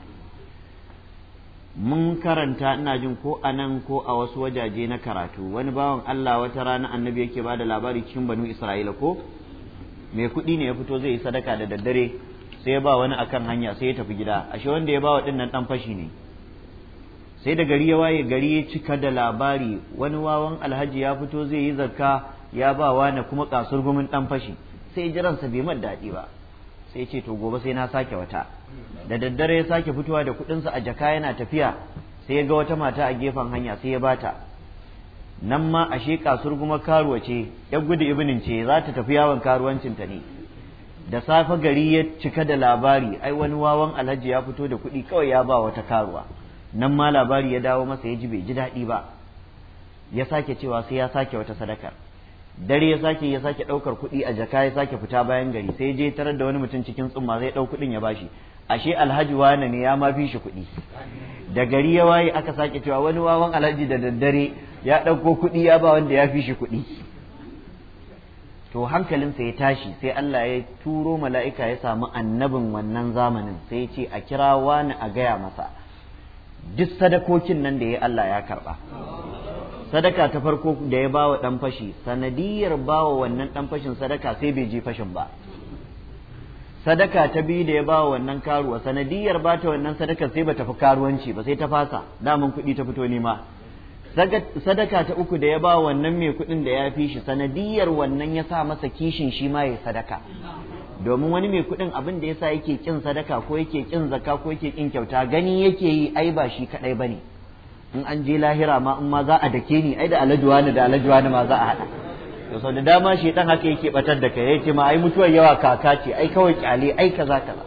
mun karanta ina jin ko a nan ko a wasu wajaje na karatu wani bawan Allah wata rana annabi yake bada labari cikin banu Isra'ila ko mai kuɗi ne ya fito zai yi sadaka da daddare sai ya ba wani akan hanya sai ya tafi gida ashe wanda ya ba wa dinnan dan fashi ne sai da gari ya waye gari ya cika da labari wani wawan alhaji ya fito zai yi zakka ya ba wani kuma kasurgumin dan fashi sai jiransa bai mar daɗi ba sai ce to gobe sai na sake wata da daddare ya sake fitowa da kuɗinsa a jaka yana tafiya sai ya ga wata mata a gefen hanya sai ya bata nan ma ashe kasur kuma karuwa ce ya gudu ibinin ce za ta tafi yawon ta ne da safe gari ya cika da labari ai wani wawan alhaji ya fito da kuɗi kawai ya ba wata karuwa nan ma labari ya dawo masa ya ji bai ji daɗi ba ya sake cewa sai ya sake wata sadakar dare ya sake ya sake ɗaukar kuɗi a jaka ya sake fita bayan gari sai je tarar da wani mutum cikin tsumma zai ɗau kuɗin ya bashi ashe alhaji wane ne ya ma fi shi kuɗi da gari ya waye aka sake cewa wani wawan alhaji da daddare ya ɗauko kuɗi ya ba wanda ya fi shi kuɗi to hankalin hankalinsa ya tashi sai Allah ya turo mala'ika ya samu annabin wannan zamanin sai ya ce a kira wani a gaya masa duk sadakokin nan da ya Allah ya karba. sadaka ta farko da ya bawa dan fashi sanadiyar bawa wannan dan fashin sadaka sai bai je fashin ba sadaka ta biyu da ya bawa wannan karuwa sanadiyar ba ta wannan sadaka sai ba ta fi karuwanci ba sai ta fasa daman kuɗi ta fito nema sadaka ta uku da ya ba wannan mai kuɗin da ya fi shi sanadiyar wannan ya sa masa kishin shi ma ya sadaka domin wani mai kuɗin abin da ya sa yake kin sadaka ko yake kin zakka ko yake kin kyauta gani yake yi ai ba shi kaɗai ba ne in an je lahira ma in ma za a dake ni ai da alajuwa ne da alajuwa ne ma za a haɗa to sau da dama shi dan haka yake batar da kai yake ma ai mutuwar yawa kaka ce ai kawai kyale ai kaza kaza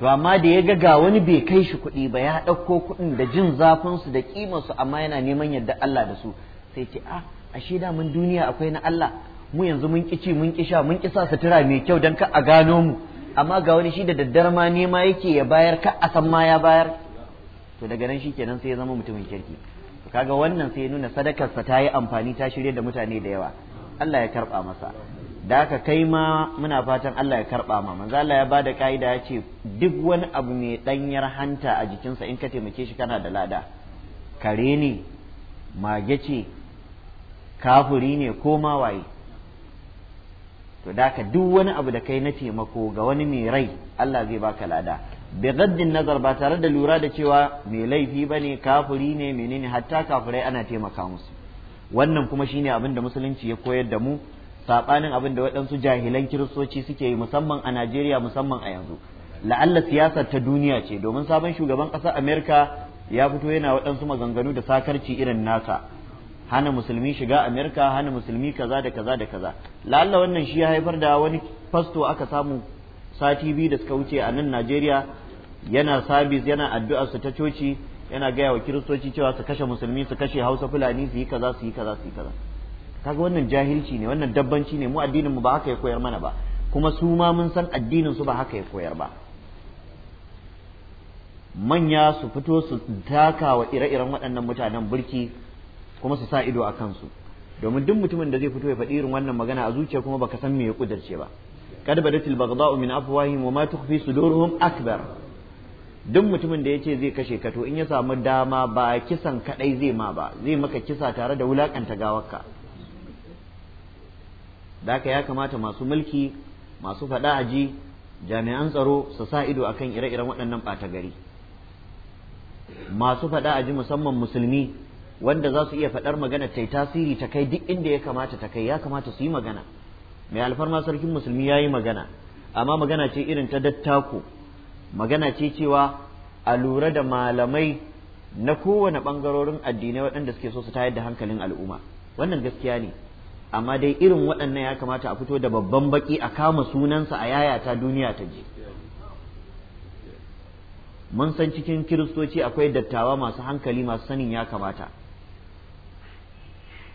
to amma da ya ga ga wani bai kai shi kuɗi ba ya ɗauko kuɗin da jin zafin su da kimar su amma yana neman yadda Allah da su sai ce ah ashe da mun duniya akwai na Allah mu yanzu mun ƙici mun sha, mun sa sutura mai kyau dan ka a gano mu amma ga wani shi da daddare ma nema yake ya bayar ka a san ma ya bayar to daga nan shikenan sai ya zama mutumin kirki to kaga wannan sai ya nuna sadakarsa ta yi amfani ta shirye da mutane da yawa Allah ya karba masa da ka kai ma muna fatan Allah ya karba ma manzo Allah ya bada kaida ya ce duk wani abu mai danyar hanta a jikinsa in ka taimake shi kana da lada kare ne mage ce kafuri ne ko ma waye to da ka duk wani abu da kai na taimako ga wani mai rai Allah zai baka lada bi gaddin nazar ba tare da lura da cewa mai laifi bane kafuri ne menene hatta kafurai ana taimaka musu wannan kuma shine abin da musulunci ya koyar da mu sabanin abin da waɗansu jahilan kiristoci suke yi musamman a Najeriya musamman a yanzu la'alla siyasar ta duniya ce domin sabon shugaban ƙasar Amerika ya fito yana waɗansu maganganu da sakarci irin nasa hana musulmi shiga amerika hana musulmi kaza da kaza da kaza la'alla wannan shi ya haifar da wani fasto aka samu sati biyu da suka wuce a nan najeriya yana sabis yana addu'ar su ta coci yana gaya wa kiristoci cewa su kashe musulmi su kashe hausa fulani su yi kaza su yi kaza su yi kaza kaga wannan jahilci ne wannan dabbanci ne mu addinin mu ba haka ya koyar mana ba kuma su ma mun san addinin su ba haka ya koyar ba manya su fito su taka wa ire-iren waɗannan mutanen burki kuma su sa ido a kansu domin duk mutumin da zai fito ya faɗi irin wannan magana a zuciya kuma baka san me ya kudarce ba kad badatil baghdha'u min afwahihim wa ma tukhfi sudurhum akbar duk mutumin da ya ce zai kashe ka to in ya samu dama ba kisan kaɗai zai ma ba zai maka kisa tare da wulaƙanta gawarka da haka ya kamata masu mulki masu faɗa aji jami'an tsaro su sa ido a kan ire-iren waɗannan ɓata gari masu faɗa aji musamman musulmi wanda za su iya faɗar magana ta tasiri ta kai duk inda ya kamata ta kai ya kamata su yi magana mai alfarma sarkin musulmi ya yi magana amma magana ce irin ta dattako magana ce cewa a lura da malamai na kowane ɓangarorin addinai waɗanda suke so su tayar da hankalin al'umma wannan gaskiya ne amma dai irin waɗannan ya kamata a fito da babban baki a kama sunansa a yayata duniya ta je mun san cikin kiristoci akwai dattawa masu hankali masu sanin ya kamata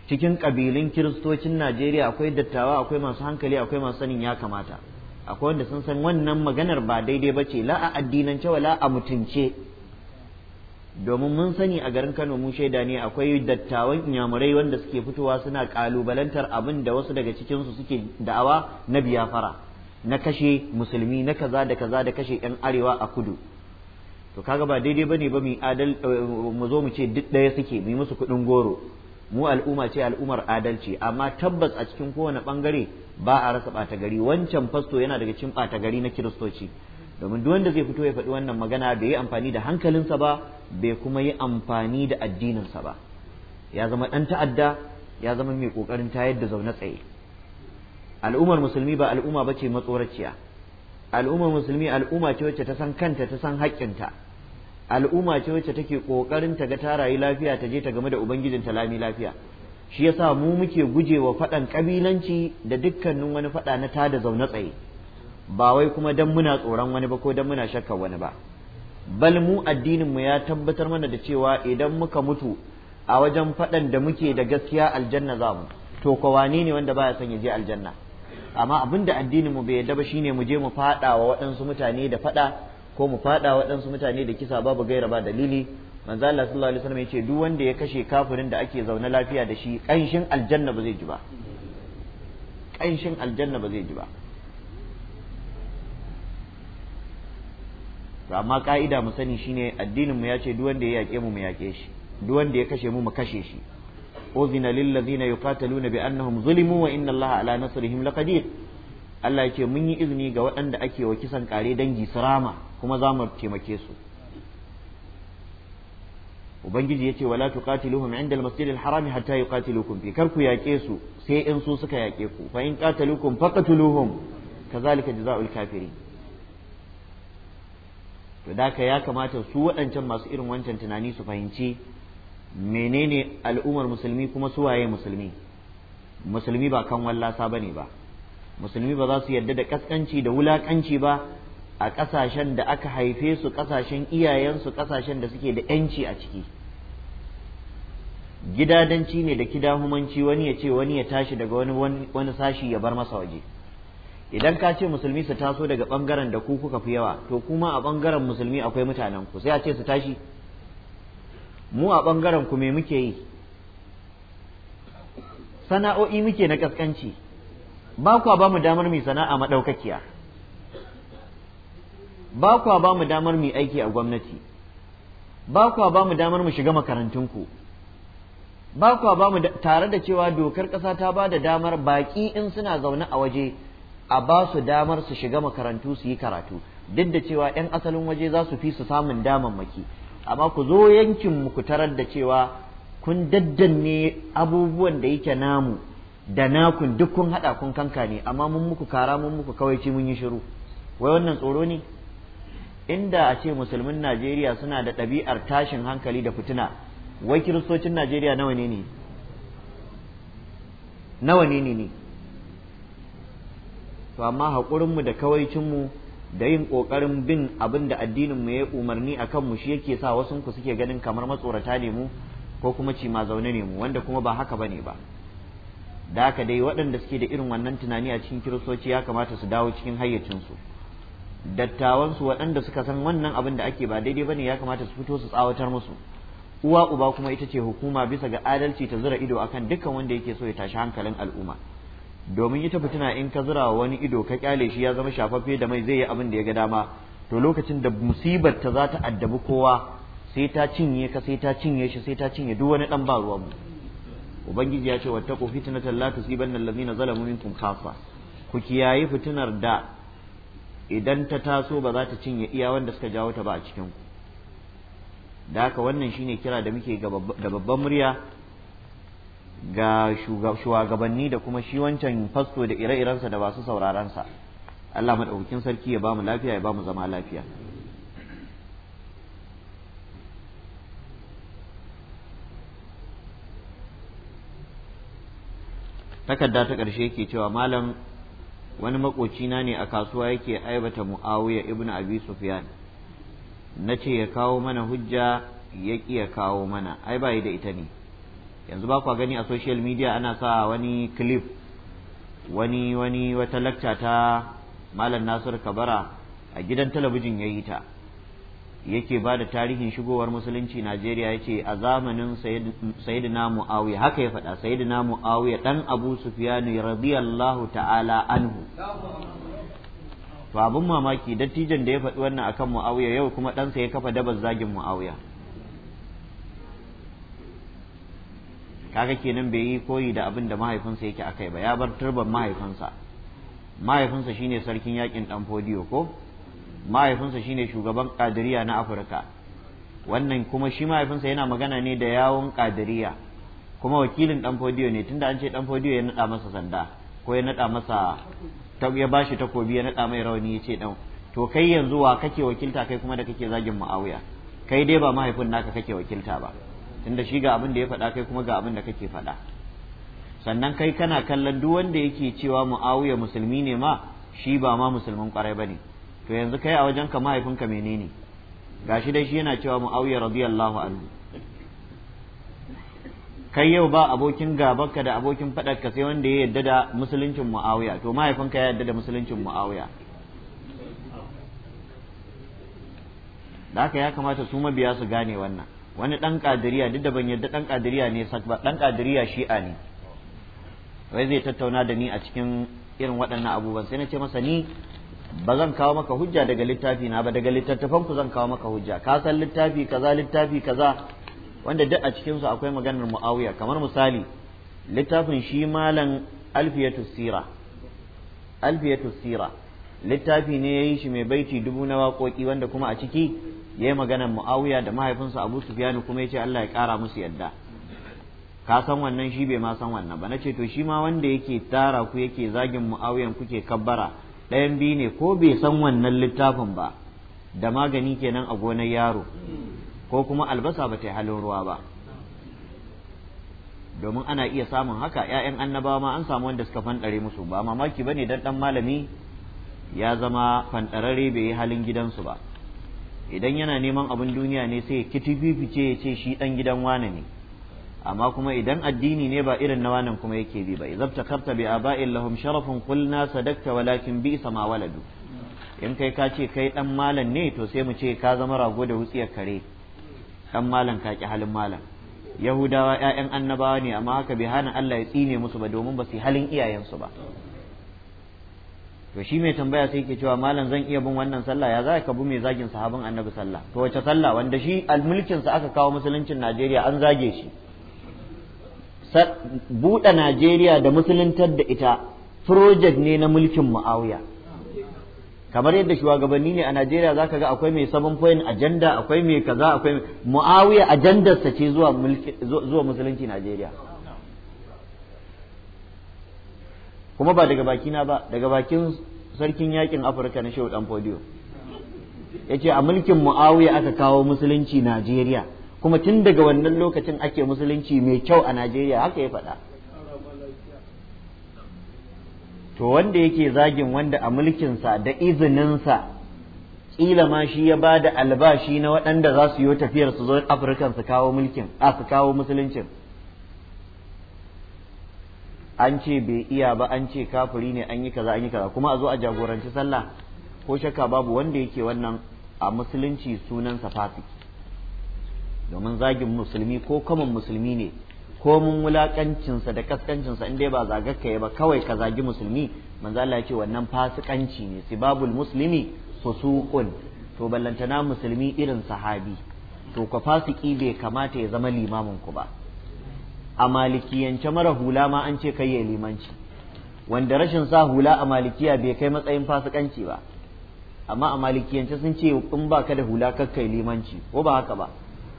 cikin ƙabilun kiristocin najeriya akwai dattawa akwai masu hankali akwai masu sanin ya kamata akwai wanda sun san wannan maganar ba daidai ba ce la a addinance wala a mutunce domin mun sani a garin Kano mun shaida ne akwai dattawan inyamurai wanda suke fitowa suna kalubalantar abin da wasu daga cikinsu suke da'awa na biyafara na kashe musulmi na kaza da kaza da kashe 'yan arewa a kudu to kaga ba daidai ba mu adal eh, mu zo mu ce duk ɗaya suke mu yi musu kuɗin goro mu al'umma ce al'ummar adalci amma tabbas a cikin kowane bangare ba a rasa ɓata gari wancan fasto yana daga cikin ɓata gari na kiristoci domin duk wanda zai fito ya faɗi wannan magana bai yi amfani da hankalinsa ba bai kuma yi amfani da addininsa ba ya zama ɗan ta'adda ya zama mai ƙoƙarin tayar da zaune tsaye al'ummar musulmi ba al'umma ba ce matsoraciya al'ummar musulmi al'umma ce wacce ta san kanta ta san haƙƙinta al'umma ce wacce take kokarin ta ga ta rayu lafiya ta je ta game da ubangijin ta lami lafiya shi yasa mu muke guje wa faɗan kabilanci da dukkanin wani faɗa na tada zaune tsaye ba wai kuma dan muna tsoron wani ba ko dan muna shakka wani ba bal mu addinin mu ya tabbatar mana da cewa idan muka mutu a wajen faɗan da muke da gaskiya aljanna za mu to ko wane ne wanda baya son ya je aljanna amma abin da addinin mu bai yadda ba shine mu je mu faɗa wa waɗansu mutane da faɗa ko mu faɗa waɗansu mutane da kisa babu gaira ba dalili manzo Allah sallallahu alaihi wasallam yace duk wanda ya kashe kafirin da ake zaune lafiya da shi ƙanshin aljanna ba zai ji ba kanshin aljanna ba zai ji ba to amma ka'ida mu sani shine addinin mu ce, duk wanda ya yake mu mu yake shi duk wanda ya kashe mu mu kashe shi أذن للذين يقاتلون بأنهم ظلموا وإن الله على نصرهم لقدير Allah ya ce mun yi izini ga waɗanda ake wa kisan kare dangi sirama kuma za mu taimake su ubangiji yace wala tuqatiluhum inda al-masjid al-haram hatta yuqatilukum fi karku yaƙe su sai in su suka yaƙe ku fa in qatalukum faqatuluhum kazalika jazaa'ul kafirin to daka ya kamata su waɗancan masu irin wancan tunani su fahimci menene al'ummar musulmi kuma su waye musulmi musulmi ba kan wallasa bane ba musulmi ba za su yarda da kaskanci da wulakanci ba a ƙasashen da aka haife su ƙasashen iyayensu ƙasashen da suke da ‘yanci a ciki gidadanci ne da kidahumanci wani ya ce wani ya tashi daga wani wani sashi ya bar masa waje idan ka ce musulmi su taso daga ɓangaren da ku kuka fi yawa to kuma a ɓangaren musulmi akwai mutanen ku sai a ce su tashi mu a ɓangaren ku me muke yi sana'o'i muke na ƙasƙanci ba kwa ba mu damar mai sana'a maɗaukakiya ba kwa ba mu damar mu aiki a gwamnati ba kwa ba mu damar mu shiga makarantun ba kwa ba mu tare da cewa dokar ƙasa ta ba da damar baƙi in suna zaune a waje a ba su damar su shiga makarantu su yi karatu duk da cewa 'yan asalin waje za su fi su samun damammaki amma ku zo yankin mu ku tarar da cewa kun daddanne abubuwan da yake namu da nakun duk kun haɗa kun kanka ne amma mun muku kara mun muku kawai ce mun yi shiru wai wannan tsoro ne inda a ce musulmin Najeriya suna da ɗabi'ar tashin hankali da fitina wai kiristocin Najeriya nawa ne ne nawa ne ne to amma haƙurinmu da kawaicinmu da yin ƙoƙarin bin abin da addininmu ya umarni a kanmu shi yake sa wasunku suke ganin kamar matsorata ne mu ko kuma cima zaune ne mu wanda kuma ba haka ba ne ba da haka dai waɗanda suke da irin wannan tunani a cikin kiristoci ya kamata su dawo cikin hayyacinsu dattawansu waɗanda suka san wannan abin da ake ba daidai bane ya kamata su fito su tsawatar musu uwa uba kuma ita ce hukuma bisa ga adalci ta zura ido akan dukkan wanda yake so ya tashi hankalin al'umma domin ita fituna in ka zura wani ido ka kyale shi ya zama shafaffe da mai zai yi abin da ya ga dama to lokacin da musibar ta za ta addabi kowa sai ta cinye ka sai ta cinye shi sai ta cinye duk wani dan ba ruwa mu ubangiji ya ce wattaqu fitnatan la tusibanna allazina zalamu minkum khafa ku kiyaye fitinar da idan ta taso ba za ta cinye iya wanda suka jawo ta ba a cikin ku da haka wannan shine kira da muke da babban murya ga shugabanni da kuma shi wancan fasto da ire-irensa da basu saurarensa Allah maɗaukakin sarki ya bamu lafiya ya bamu zama lafiya takarda ta ƙarshe ke cewa malam wani makocina ne a kasuwa yake aibata mu'awiya ibn abi sufyan na ce ya kawo mana hujja ya ƙi ya kawo mana ai ba da ita ne yanzu ba kwa gani a social media ana sa wani clip wani wani wata lacca ta malam nasir kabara a gidan talabijin ya yi ta yake ba da tarihin shigowar musulunci Najeriya ya ce a zamanin Sayyidina Muawiya haka ya faɗa Sayyidina Muawiya ɗan Abu Sufyan radiyallahu ta'ala anhu to abin mamaki dattijan da ya faɗi wannan akan Muawiya yau kuma ɗansa ya kafa dabar zagin Muawiya kaga kenan bai yi koyi da abin da mahaifinsa yake akai ba ya bar turban mahaifinsa mahaifinsa shine sarkin yakin ɗan fodiyo ko mahaifinsa shine shugaban kadiriya na afirka wannan kuma shi mahaifinsa yana magana ne da yawon kadiriya kuma wakilin dan fodiyo ne tunda an ce dan fodiyo ya nada masa sanda ko ya nada masa ya bashi takobi ya nada mai rauni ya ce dan to kai yanzu wa kake wakilta kai kuma da kake zagin muawiya kai dai ba mahaifin naka kake wakilta ba tunda shi ga abin da ya faɗa kai kuma ga abin da kake faɗa sannan kai kana kallon duk wanda yake cewa muawiya musulmi ne ma shi ba ma musulmin kwarai ba ne. to yanzu kai a wajen ka mahaifinka menene gashi dai shi yana cewa muawiya radiyallahu anhu kai yau ba abokin gabanka da abokin faɗarka sai wanda ya yadda da musuluncin muawiya to mahaifinka ya yadda da musuluncin muawiya da haka ya kamata su mabiya su gane wannan wani ɗan ƙadiriya duk da ban yadda ɗan ƙadiriya ne sak ba ɗan ƙadiriya shi'a ne wai zai tattauna da ni a cikin irin waɗannan abubuwan sai na ce masa ni ba zan kawo maka hujja daga littafi na ba daga littattafan ku zan kawo maka hujja ka san littafi kaza littafi kaza wanda duk a cikin su akwai maganar muawiya kamar misali littafin shi malam alfiyatus sira alfiyatus sira littafi ne yayi shi mai baiti dubu na waƙoƙi wanda kuma a ciki yayi maganar muawiya da mahaifinsa abu sufyanu kuma yace Allah ya ƙara musu yadda ka san wannan shi bai ma san wannan ba nace to shi ma wanda yake tara ku yake zagin muawiyan kuke kabbara ɗayan biyu ne ko bai san wannan littafin ba da magani kenan a gonar yaro ko kuma albasa ba ta yi halin ruwa ba domin ana iya samun haka 'ya'yan annabawa ma an samu wanda suka fanɗare musu ba mamaki ba ne dan ɗan malami ya zama fanɗararre bai yi halin gidansu ba idan yana neman abin duniya ne sai ya ya ce shi ɗan gidan wane ne amma kuma idan addini ne ba irin na wannan kuma yake bi ba idan takarta bi aba'in lahum sharafun qulna sadakta walakin bi sama waladu in kai ka ce kai dan malam ne to sai mu ce ka zama rago da wutsiyar kare dan malam ka ki halin malam yahudawa ƴaƴan annabawa ne amma haka bai hana Allah ya tsine musu ba domin ba su halin iyayensu ba to shi mai tambaya sai ke cewa malam zan iya bin wannan sallah ya za ka bi mai zagin sahabin annabi sallah to wace sallah wanda shi almulkin sa aka kawo musuluncin Najeriya an zage shi buɗe Najeriya da musuluntar da ita project ne na mulkin Muawiya kamar yadda shugabanni ne a Najeriya zaka ga akwai mai seven point agenda akwai mai kaza akwai Muawiya ajandarsa ce zuwa mulki zuwa musulunci Najeriya kuma ba daga bakina ba daga bakin sarkin yakin Afirka na Shehu Dan ya yace a mulkin Muawiya aka kawo musulunci Najeriya kuma tun daga wannan lokacin ake musulunci mai kyau a Najeriya haka ya faɗa to wanda yake zagin wanda a mulkinsa da izininsa ƙila ma shi ya ba da albashi na waɗanda za su yi tafiyar su zo afirkan su kawo mulkin a su kawo musuluncin an ce bai iya ba an ce kafiri ne an yi kaza an yi kaza kuma a zo a jagoranci sallah ko shakka babu wanda yake wannan a musulunci sunansa fasiki domin zagin musulmi ko kamun musulmi ne ko mun wulaƙancinsa da kaskancinsa in dai ba zagakka ba kawai ka zagi musulmi manzo Allah ya ce wannan fasikanci ne sibabul muslimi fusuqun to ballantana musulmi irin sahabi to ka fasiki bai kamata ya zama limamin ku ba a malikiyance mara hula ma an ce kai ya limanci wanda rashin sa hula a malikiya bai kai matsayin fasikanci ba amma a malikiyance sun ce in ba ka da hula kakkai limanci ko ba haka ba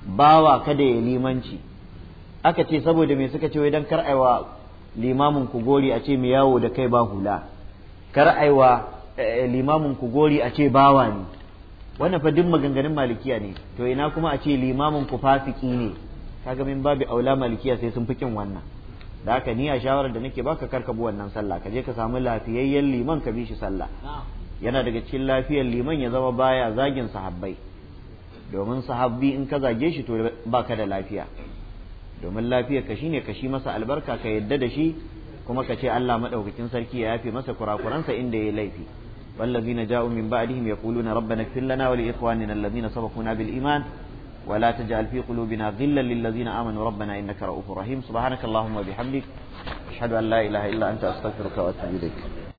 bawa kada ya limanci aka ce saboda mai suka ce wai dan kar'aiwa limamin ku gori a ce mai yawo da kai ba hula kar'aiwa eh, limamin ku gori a ce bawa ne wannan fa duk maganganun malikiya ne to ina kuma a ce limamin ku fasiki ne kaga min babu aula malikiya sai sun fikin wannan da haka ni a shawarar da nake baka karkabu bi wannan sallah ka je ka samu lafiyayyen liman ka bi shi sallah yana daga cikin lafiyar liman ya zama baya zagin sahabbai domin sahabbi in ka zage shi to baka da lafiya domin lafiyar ka shine ka shi masa albarka ka yadda da shi kuma ka ce Allah madaukakin sarki ya yafe masa kurakuransa inda ya laifi والذين جاءوا من بعدهم يقولون ربنا اغفر لنا ولإخواننا الذين سبقونا بالإيمان ولا تجعل في قلوبنا غلا للذين آمنوا ربنا إنك رؤوف رحيم سبحانك اللهم وبحمدك أشهد أن لا إله إلا أنت أستغفرك وأتوب إليك